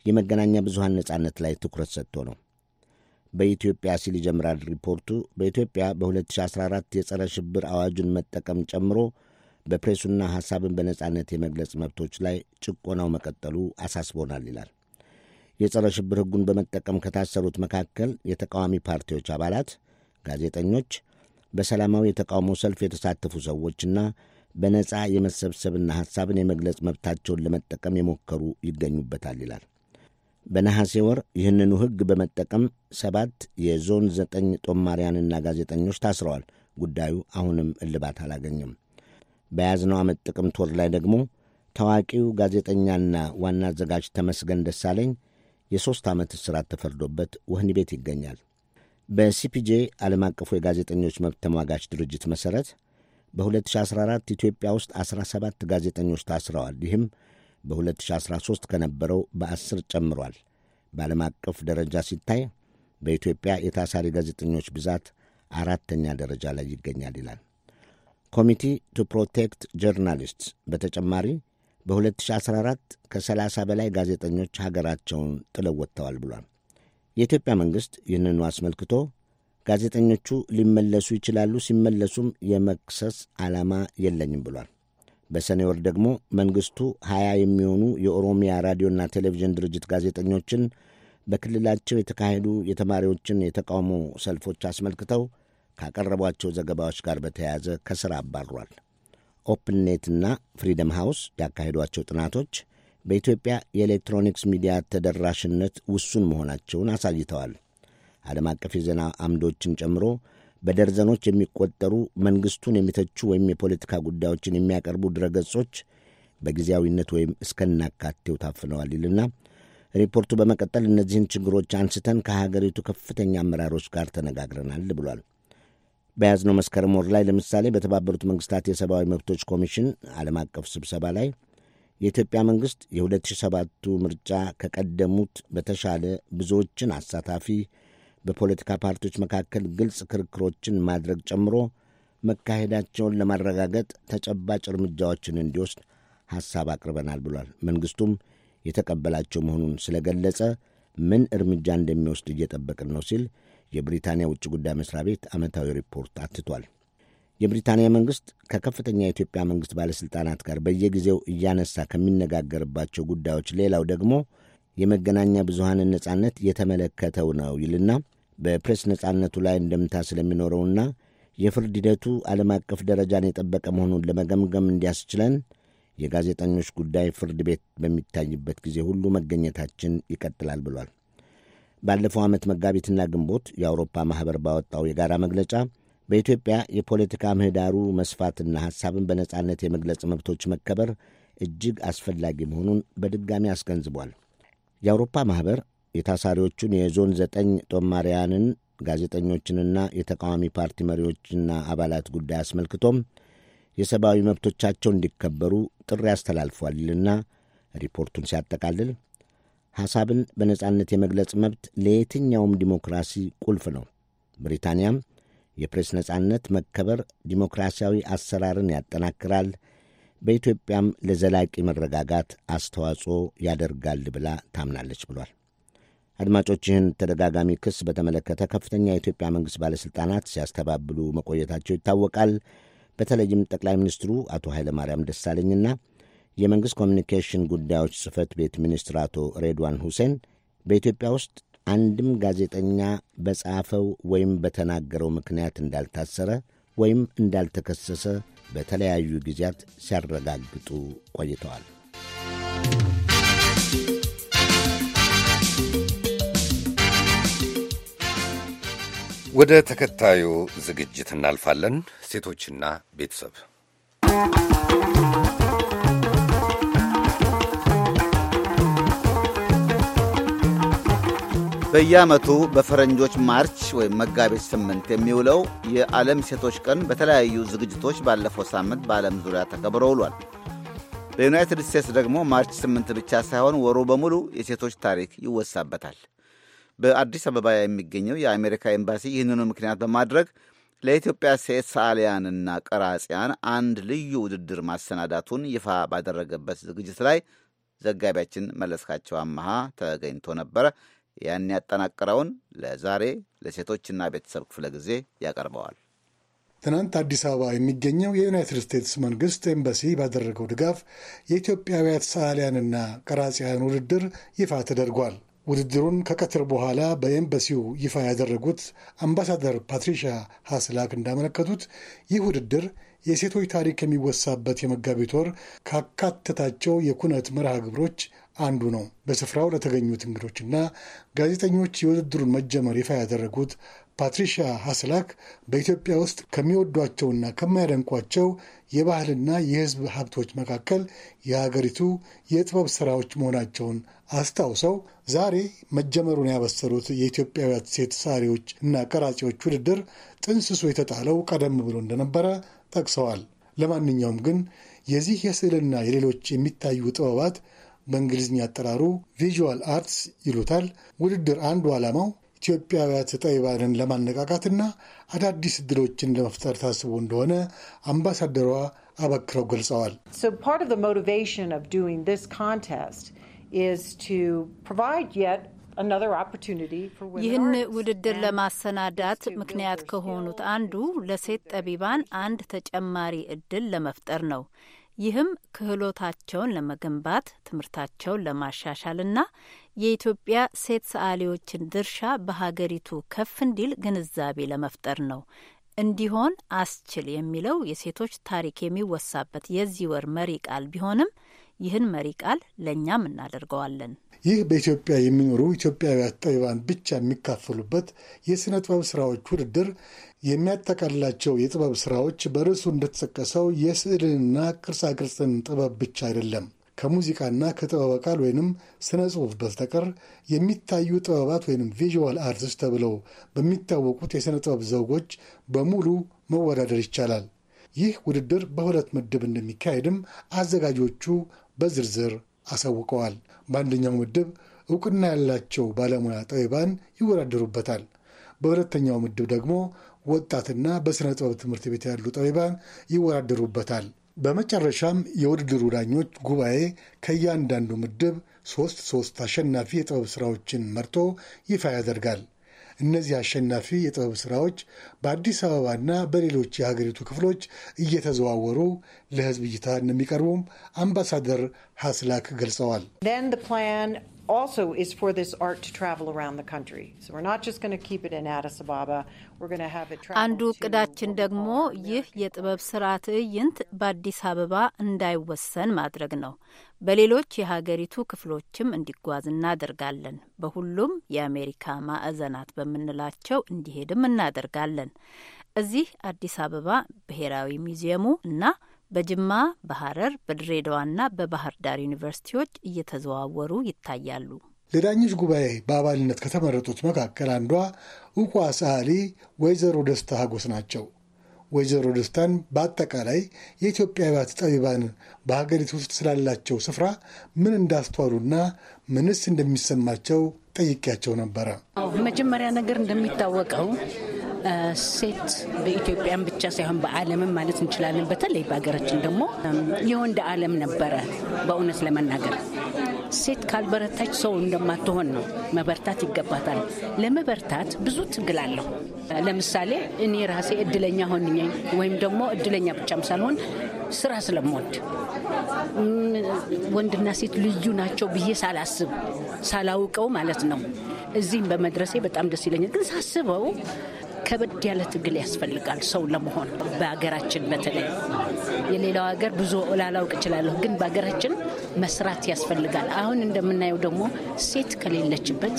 የመገናኛ ብዙሃን ነጻነት ላይ ትኩረት ሰጥቶ ነው። በኢትዮጵያ ሲል ይጀምራል ሪፖርቱ። በኢትዮጵያ በ2014 የጸረ ሽብር አዋጁን መጠቀም ጨምሮ በፕሬሱና ሐሳብን በነጻነት የመግለጽ መብቶች ላይ ጭቆናው መቀጠሉ አሳስቦናል ይላል። የጸረ ሽብር ሕጉን በመጠቀም ከታሰሩት መካከል የተቃዋሚ ፓርቲዎች አባላት፣ ጋዜጠኞች፣ በሰላማዊ የተቃውሞ ሰልፍ የተሳተፉ ሰዎችና በነጻ የመሰብሰብና ሐሳብን የመግለጽ መብታቸውን ለመጠቀም የሞከሩ ይገኙበታል ይላል። በነሐሴ ወር ይህንኑ ሕግ በመጠቀም ሰባት የዞን ዘጠኝ ጦማሪያንና ጋዜጠኞች ታስረዋል። ጉዳዩ አሁንም እልባት አላገኘም። በያዝነው ዓመት ጥቅምት ወር ላይ ደግሞ ታዋቂው ጋዜጠኛና ዋና አዘጋጅ ተመስገን ደሳለኝ የሦስት ዓመት እስራት ተፈርዶበት ወህኒ ቤት ይገኛል። በሲፒጄ ዓለም አቀፉ የጋዜጠኞች መብት ተሟጋች ድርጅት መሠረት በ2014 ኢትዮጵያ ውስጥ 17 ጋዜጠኞች ታስረዋል። ይህም በ2013 ከነበረው በ10 ጨምሯል። በዓለም አቀፍ ደረጃ ሲታይ በኢትዮጵያ የታሳሪ ጋዜጠኞች ብዛት አራተኛ ደረጃ ላይ ይገኛል ይላል ኮሚቲ ቱ ፕሮቴክት ጆርናሊስትስ። በተጨማሪ በ2014 ከ30 በላይ ጋዜጠኞች ሀገራቸውን ጥለው ወጥተዋል ብሏል። የኢትዮጵያ መንግሥት ይህንኑ አስመልክቶ ጋዜጠኞቹ ሊመለሱ ይችላሉ፣ ሲመለሱም የመክሰስ ዓላማ የለኝም ብሏል። በሰኔ ወር ደግሞ መንግሥቱ ሀያ የሚሆኑ የኦሮሚያ ራዲዮና ቴሌቪዥን ድርጅት ጋዜጠኞችን በክልላቸው የተካሄዱ የተማሪዎችን የተቃውሞ ሰልፎች አስመልክተው ካቀረቧቸው ዘገባዎች ጋር በተያያዘ ከሥራ አባሯል። ኦፕንኔትና ፍሪደም ሃውስ ያካሄዷቸው ጥናቶች በኢትዮጵያ የኤሌክትሮኒክስ ሚዲያ ተደራሽነት ውሱን መሆናቸውን አሳይተዋል። ዓለም አቀፍ የዜና አምዶችን ጨምሮ በደርዘኖች የሚቆጠሩ መንግሥቱን የሚተቹ ወይም የፖለቲካ ጉዳዮችን የሚያቀርቡ ድረገጾች በጊዜያዊነት ወይም እስከናካቴው ታፍነዋል ይልና ሪፖርቱ በመቀጠል እነዚህን ችግሮች አንስተን ከሀገሪቱ ከፍተኛ አመራሮች ጋር ተነጋግረናል ብሏል። በያዝነው መስከረም ወር ላይ ለምሳሌ በተባበሩት መንግስታት የሰብአዊ መብቶች ኮሚሽን ዓለም አቀፍ ስብሰባ ላይ የኢትዮጵያ መንግሥት የ2007ቱ ምርጫ ከቀደሙት በተሻለ ብዙዎችን አሳታፊ በፖለቲካ ፓርቲዎች መካከል ግልጽ ክርክሮችን ማድረግ ጨምሮ መካሄዳቸውን ለማረጋገጥ ተጨባጭ እርምጃዎችን እንዲወስድ ሐሳብ አቅርበናል ብሏል። መንግሥቱም የተቀበላቸው መሆኑን ስለገለጸ ምን እርምጃ እንደሚወስድ እየጠበቅን ነው ሲል የብሪታንያ ውጭ ጉዳይ መስሪያ ቤት ዓመታዊ ሪፖርት አትቷል። የብሪታንያ መንግሥት ከከፍተኛ የኢትዮጵያ መንግሥት ባለሥልጣናት ጋር በየጊዜው እያነሳ ከሚነጋገርባቸው ጉዳዮች ሌላው ደግሞ የመገናኛ ብዙሃንን ነጻነት የተመለከተው ነው ይልና በፕሬስ ነጻነቱ ላይ እንደምታ ስለሚኖረውና የፍርድ ሂደቱ ዓለም አቀፍ ደረጃን የጠበቀ መሆኑን ለመገምገም እንዲያስችለን የጋዜጠኞች ጉዳይ ፍርድ ቤት በሚታይበት ጊዜ ሁሉ መገኘታችን ይቀጥላል ብሏል። ባለፈው ዓመት መጋቢትና ግንቦት የአውሮፓ ማኅበር ባወጣው የጋራ መግለጫ በኢትዮጵያ የፖለቲካ ምህዳሩ መስፋትና ሐሳብን በነጻነት የመግለጽ መብቶች መከበር እጅግ አስፈላጊ መሆኑን በድጋሚ አስገንዝቧል። የአውሮፓ ማኅበር የታሳሪዎቹን የዞን ዘጠኝ ጦማሪያንን ጋዜጠኞችንና የተቃዋሚ ፓርቲ መሪዎችና አባላት ጉዳይ አስመልክቶም የሰብአዊ መብቶቻቸው እንዲከበሩ ጥሪ አስተላልፏልና ሪፖርቱን ሲያጠቃልል ሐሳብን በነጻነት የመግለጽ መብት ለየትኛውም ዲሞክራሲ ቁልፍ ነው። ብሪታንያም የፕሬስ ነጻነት መከበር ዲሞክራሲያዊ አሰራርን ያጠናክራል፣ በኢትዮጵያም ለዘላቂ መረጋጋት አስተዋጽኦ ያደርጋል ብላ ታምናለች ብሏል። አድማጮች ይህን ተደጋጋሚ ክስ በተመለከተ ከፍተኛ የኢትዮጵያ መንግሥት ባለሥልጣናት ሲያስተባብሉ መቆየታቸው ይታወቃል። በተለይም ጠቅላይ ሚኒስትሩ አቶ ኃይለማርያም ደሳለኝና የመንግሥት ኮሚኒኬሽን ጉዳዮች ጽህፈት ቤት ሚኒስትር አቶ ሬድዋን ሁሴን በኢትዮጵያ ውስጥ አንድም ጋዜጠኛ በጻፈው ወይም በተናገረው ምክንያት እንዳልታሰረ ወይም እንዳልተከሰሰ በተለያዩ ጊዜያት ሲያረጋግጡ ቆይተዋል። ወደ ተከታዩ ዝግጅት እናልፋለን። ሴቶችና ቤተሰብ በየዓመቱ በፈረንጆች ማርች ወይም መጋቢት ስምንት የሚውለው የዓለም ሴቶች ቀን በተለያዩ ዝግጅቶች ባለፈው ሳምንት በዓለም ዙሪያ ተከብሮ ውሏል። በዩናይትድ ስቴትስ ደግሞ ማርች ስምንት ብቻ ሳይሆን ወሩ በሙሉ የሴቶች ታሪክ ይወሳበታል። በአዲስ አበባ የሚገኘው የአሜሪካ ኤምባሲ ይህንኑ ምክንያት በማድረግ ለኢትዮጵያ ሴት ሰዓሊያንና ቀራጺያን አንድ ልዩ ውድድር ማሰናዳቱን ይፋ ባደረገበት ዝግጅት ላይ ዘጋቢያችን መለስካቸው አመሃ ተገኝቶ ነበረ። ያን ያጠናቀረውን ለዛሬ ለሴቶችና ቤተሰብ ክፍለ ጊዜ ያቀርበዋል። ትናንት አዲስ አበባ የሚገኘው የዩናይትድ ስቴትስ መንግስት ኤምባሲ ባደረገው ድጋፍ የኢትዮጵያውያት ሰዓሊያንና ቀራጺያን ውድድር ይፋ ተደርጓል። ውድድሩን ከቀትር በኋላ በኤምባሲው ይፋ ያደረጉት አምባሳደር ፓትሪሻ ሀስላክ እንዳመለከቱት ይህ ውድድር የሴቶች ታሪክ የሚወሳበት የመጋቢት ወር ካካተታቸው የኩነት መርሃ ግብሮች አንዱ ነው። በስፍራው ለተገኙት እንግዶችና ጋዜጠኞች የውድድሩን መጀመር ይፋ ያደረጉት ፓትሪሺያ ሀስላክ በኢትዮጵያ ውስጥ ከሚወዷቸውና ከሚያደንቋቸው የባህልና የሕዝብ ሀብቶች መካከል የሀገሪቱ የጥበብ ሥራዎች መሆናቸውን አስታውሰው ዛሬ መጀመሩን ያበሰሩት የኢትዮጵያውያት ሴት ሳሪዎች እና ቀራጺዎች ውድድር ጥንስሱ የተጣለው ቀደም ብሎ እንደነበረ ጠቅሰዋል። ለማንኛውም ግን የዚህ የስዕልና የሌሎች የሚታዩ ጥበባት በእንግሊዝኛ አጠራሩ ቪዥዋል አርትስ ይሉታል ውድድር አንዱ ዓላማው ኢትዮጵያውያት ጠቢባንን ለማነቃቃትና አዳዲስ እድሎችን ለመፍጠር ታስቦ እንደሆነ አምባሳደሯ አበክረው ገልጸዋል። ይህን ውድድር ለማሰናዳት ምክንያት ከሆኑት አንዱ ለሴት ጠቢባን አንድ ተጨማሪ እድል ለመፍጠር ነው። ይህም ክህሎታቸውን ለመገንባት ትምህርታቸውን ለማሻሻልና የኢትዮጵያ ሴት ሰዓሊዎችን ድርሻ በሀገሪቱ ከፍ እንዲል ግንዛቤ ለመፍጠር ነው። እንዲሆን አስችል የሚለው የሴቶች ታሪክ የሚወሳበት የዚህ ወር መሪ ቃል ቢሆንም ይህን መሪ ቃል ለእኛም እናደርገዋለን። ይህ በኢትዮጵያ የሚኖሩ ኢትዮጵያውያን ጠቢባን ብቻ የሚካፈሉበት የሥነ ጥበብ ሥራዎች ውድድር የሚያጠቃልላቸው የጥበብ ሥራዎች በርዕሱ እንደተጠቀሰው የስዕልንና ቅርጻቅርጽን ጥበብ ብቻ አይደለም። ከሙዚቃና ከጥበበ ቃል ወይንም ስነ ጽሑፍ በስተቀር የሚታዩ ጥበባት ወይንም ቪዥዋል አርትስ ተብለው በሚታወቁት የሥነ ጥበብ ዘውጎች በሙሉ መወዳደር ይቻላል። ይህ ውድድር በሁለት ምድብ እንደሚካሄድም አዘጋጆቹ በዝርዝር አሳውቀዋል። በአንደኛው ምድብ እውቅና ያላቸው ባለሙያ ጠቢባን ይወዳደሩበታል። በሁለተኛው ምድብ ደግሞ ወጣትና በሥነ ጥበብ ትምህርት ቤት ያሉ ጠቢባን ይወዳደሩበታል። በመጨረሻም የውድድሩ ዳኞች ጉባኤ ከእያንዳንዱ ምድብ ሶስት ሶስት አሸናፊ የጥበብ ሥራዎችን መርጦ ይፋ ያደርጋል። እነዚህ አሸናፊ የጥበብ ስራዎች በአዲስ አበባና በሌሎች የሀገሪቱ ክፍሎች እየተዘዋወሩ ለህዝብ እይታ እንደሚቀርቡም አምባሳደር ሀስላክ ገልጸዋል። also is for this art to travel around the country. So we're not just going to keep it in Addis Ababa. We're going to have it travel አንዱ እቅዳችን ደግሞ ይህ የጥበብ ስራ ትዕይንት በአዲስ አበባ እንዳይወሰን ማድረግ ነው። በሌሎች የሀገሪቱ ክፍሎችም እንዲጓዝ እናደርጋለን። በሁሉም የአሜሪካ ማዕዘናት በምንላቸው እንዲሄድም እናደርጋለን። እዚህ አዲስ አበባ ብሔራዊ ሙዚየሙ እና በጅማ በሐረር በድሬዳዋና በባህር ዳር ዩኒቨርሲቲዎች እየተዘዋወሩ ይታያሉ። ለዳኞች ጉባኤ በአባልነት ከተመረጡት መካከል አንዷ እውቋ ሰዓሊ ወይዘሮ ደስታ ሀጎስ ናቸው። ወይዘሮ ደስታን በአጠቃላይ የኢትዮጵያውያን ጠቢባን በሀገሪቱ ውስጥ ስላላቸው ስፍራ ምን እንዳስተዋሉና ምንስ እንደሚሰማቸው ጠይቄያቸው ነበረ። መጀመሪያ ነገር እንደሚታወቀው ሴት በኢትዮጵያም ብቻ ሳይሆን በዓለምም ማለት እንችላለን። በተለይ በሀገራችን ደግሞ የወንድ ዓለም ነበረ። በእውነት ለመናገር ሴት ካልበረታች ሰው እንደማትሆን ነው። መበርታት ይገባታል። ለመበርታት ብዙ ትግል አለሁ። ለምሳሌ እኔ ራሴ እድለኛ ሆንኝ ወይም ደግሞ እድለኛ ብቻም ሳልሆን ስራ ስለምወድ ወንድና ሴት ልዩ ናቸው ብዬ ሳላስብ ሳላውቀው ማለት ነው እዚህም በመድረሴ በጣም ደስ ይለኛል። ግን ሳስበው ከበድ ያለ ትግል ያስፈልጋል ሰው ለመሆን። በሀገራችን በተለይ የሌላው ሀገር ብዙ ላላውቅ እችላለሁ፣ ግን በሀገራችን መስራት ያስፈልጋል። አሁን እንደምናየው ደግሞ ሴት ከሌለችበት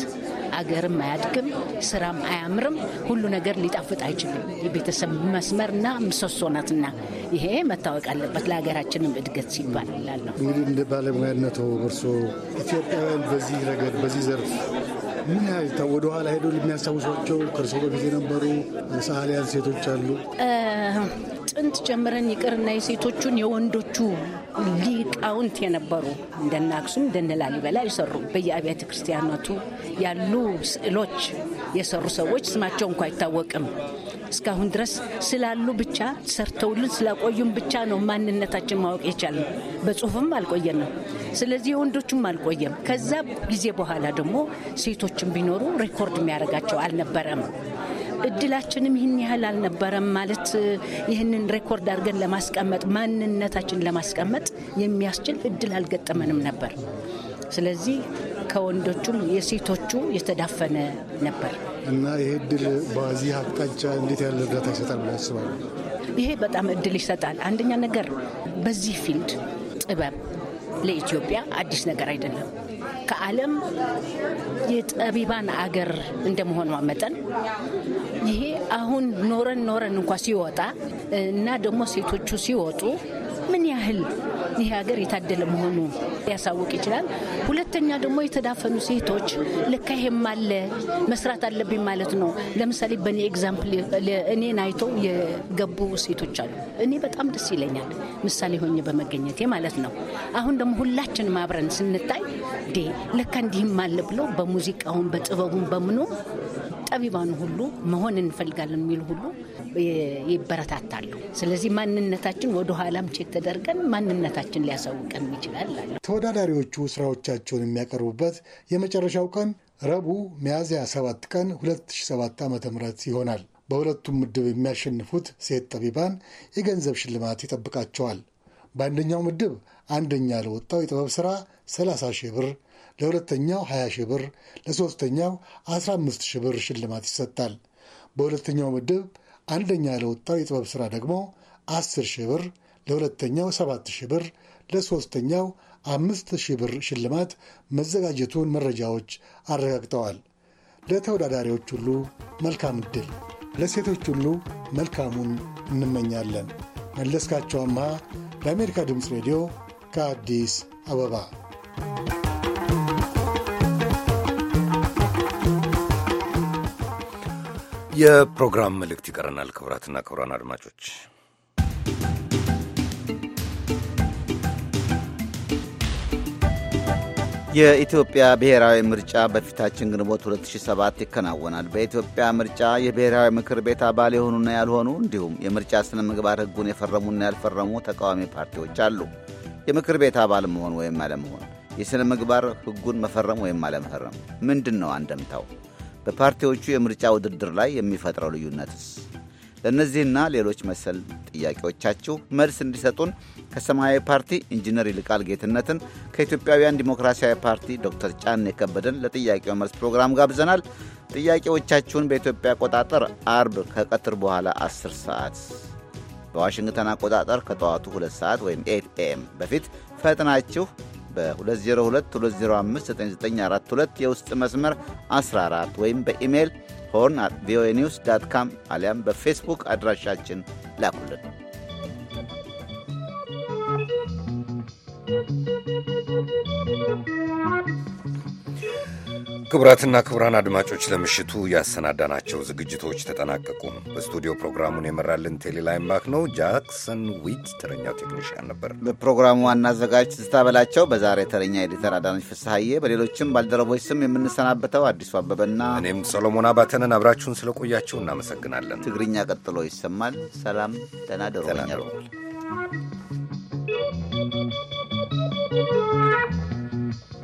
አገርም አያድግም፣ ስራም አያምርም፣ ሁሉ ነገር ሊጣፍጥ አይችልም። የቤተሰብ መስመርና ምሰሶ ናትና ይሄ መታወቅ አለበት ለሀገራችንም እድገት ሲባል ላለሁ እንግዲህ እንደ ባለሙያነት እርስዎ ኢትዮጵያውያን በዚህ ረገድ በዚህ ዘርፍ ምን ያህል ሄዶ የሚያስታውሷቸው ከእርሶ በፊት የነበሩ ሰዓሊያን ሴቶች አሉ? ጥንት ጀምረን ይቅርና የሴቶቹን የወንዶቹ ሊቃውንት የነበሩ እንደነ አክሱም እንደነ ላሊበላ ይሰሩ በየአብያተ ክርስቲያናቱ ያሉ ስዕሎች የሰሩ ሰዎች ስማቸው እንኳ አይታወቅም። እስካሁን ድረስ ስላሉ ብቻ ሰርተውልን ስላቆዩም ብቻ ነው ማንነታችን ማወቅ የቻልን። በጽሁፍም አልቆየንም። ስለዚህ የወንዶችም አልቆየም። ከዛ ጊዜ በኋላ ደግሞ ሴቶችም ቢኖሩ ሬኮርድ የሚያደርጋቸው አልነበረም። እድላችንም ይህን ያህል አልነበረም። ማለት ይህንን ሬኮርድ አድርገን ለማስቀመጥ ማንነታችን ለማስቀመጥ የሚያስችል እድል አልገጠመንም ነበር። ስለዚህ ከወንዶቹም የሴቶቹ የተዳፈነ ነበር እና ይህ እድል በዚህ አቅጣጫ እንዴት ያለ እርዳታ ይሰጣል ብ ያስባሉ? ይሄ በጣም እድል ይሰጣል። አንደኛ ነገር በዚህ ፊልድ ጥበብ ለኢትዮጵያ አዲስ ነገር አይደለም። ከዓለም የጠቢባን አገር እንደመሆኗ መጠን ይሄ አሁን ኖረን ኖረን እንኳ ሲወጣ እና ደግሞ ሴቶቹ ሲወጡ ምን ያህል ይህ ሀገር የታደለ መሆኑ ሊያሳውቅ ይችላል። ሁለተኛ ደግሞ የተዳፈኑ ሴቶች ለካ ይሄም አለ መስራት አለብኝ ማለት ነው። ለምሳሌ በእኔ ኤግዛምፕል እኔን አይተው የገቡ ሴቶች አሉ። እኔ በጣም ደስ ይለኛል ምሳሌ ሆኜ በመገኘቴ ማለት ነው። አሁን ደግሞ ሁላችንም አብረን ስንታይ ዴ ልካ እንዲህም አለ ብለው በሙዚቃውን በጥበቡን በምኖ ጠቢባኑ ሁሉ መሆን እንፈልጋለን የሚሉ ሁሉ ይበረታታሉ። ስለዚህ ማንነታችን ወደ ኋላም ቼክ ተደርገን ማንነታችን ሊያሳውቀን ይችላል። ተወዳዳሪዎቹ ስራዎቻቸውን የሚያቀርቡበት የመጨረሻው ቀን ረቡዕ ሚያዝያ 7 ቀን 2007 ዓ ም ይሆናል። በሁለቱም ምድብ የሚያሸንፉት ሴት ጠቢባን የገንዘብ ሽልማት ይጠብቃቸዋል። በአንደኛው ምድብ አንደኛ ለወጣው የጥበብ ሥራ 30 ሺህ ብር፣ ለሁለተኛው 20 ሺህ ብር፣ ለሦስተኛው 15 ሺህ ብር ሽልማት ይሰጣል። በሁለተኛው ምድብ አንደኛ ለወጣው የጥበብ ሥራ ደግሞ 10 ሺህ ብር፣ ለሁለተኛው 7 ሺህ ብር፣ ለሦስተኛው አምስት ሺህ ብር ሽልማት መዘጋጀቱን መረጃዎች አረጋግጠዋል። ለተወዳዳሪዎች ሁሉ መልካም ዕድል፣ ለሴቶች ሁሉ መልካሙን እንመኛለን። መለስካቸው አምሃ ለአሜሪካ ድምፅ ሬዲዮ ከአዲስ አበባ የፕሮግራም መልእክት ይቀረናል። ክቡራትና ክቡራን አድማጮች የኢትዮጵያ ብሔራዊ ምርጫ በፊታችን ግንቦት 2007 ይከናወናል። በኢትዮጵያ ምርጫ የብሔራዊ ምክር ቤት አባል የሆኑና ያልሆኑ እንዲሁም የምርጫ ስነ ምግባር ሕጉን የፈረሙና ያልፈረሙ ተቃዋሚ ፓርቲዎች አሉ። የምክር ቤት አባል መሆን ወይም አለመሆን፣ የሥነ ምግባር ሕጉን መፈረም ወይም አለመፈረም ምንድን ነው አንደምታው? በፓርቲዎቹ የምርጫ ውድድር ላይ የሚፈጥረው ልዩነትስ? ለእነዚህና ሌሎች መሰል ጥያቄዎቻችሁ መልስ እንዲሰጡን ከሰማያዊ ፓርቲ ኢንጂነር ይልቃል ጌትነትን ከኢትዮጵያውያን ዲሞክራሲያዊ ፓርቲ ዶክተር ጫኔ ከበደን ለጥያቄው መልስ ፕሮግራም ጋብዘናል። ጥያቄዎቻችሁን በኢትዮጵያ አቆጣጠር አርብ ከቀትር በኋላ 10 ሰዓት በዋሽንግተን አቆጣጠር ከጠዋቱ 2 ሰዓት ወይም ኤት ኤም በፊት ፈጥናችሁ በ2022059942 የውስጥ መስመር 14 ወይም በኢሜይል ሆርን አት ቪኦኤ ኒውስ ዳት ካም አሊያም በፌስቡክ አድራሻችን ላኩልን። Thank you. ክቡራትና ክቡራን አድማጮች ለምሽቱ ያሰናዳናቸው ዝግጅቶች ተጠናቀቁ። በስቱዲዮ ፕሮግራሙን የመራልን ቴሌላይምባክ ነው። ጃክሰን ዊድ ተረኛው ቴክኒሽያን ነበር። በፕሮግራሙ ዋና አዘጋጅ ትዝታ በላቸው፣ በዛሬ ተረኛ ኤዲተር አዳነች ፍስሐዬ፣ በሌሎችም ባልደረቦች ስም የምንሰናበተው አዲሱ አበበና እኔም ሰሎሞን አባተንን አብራችሁን ስለቆያቸው እናመሰግናለን። ትግርኛ ቀጥሎ ይሰማል። ሰላም ደህና you.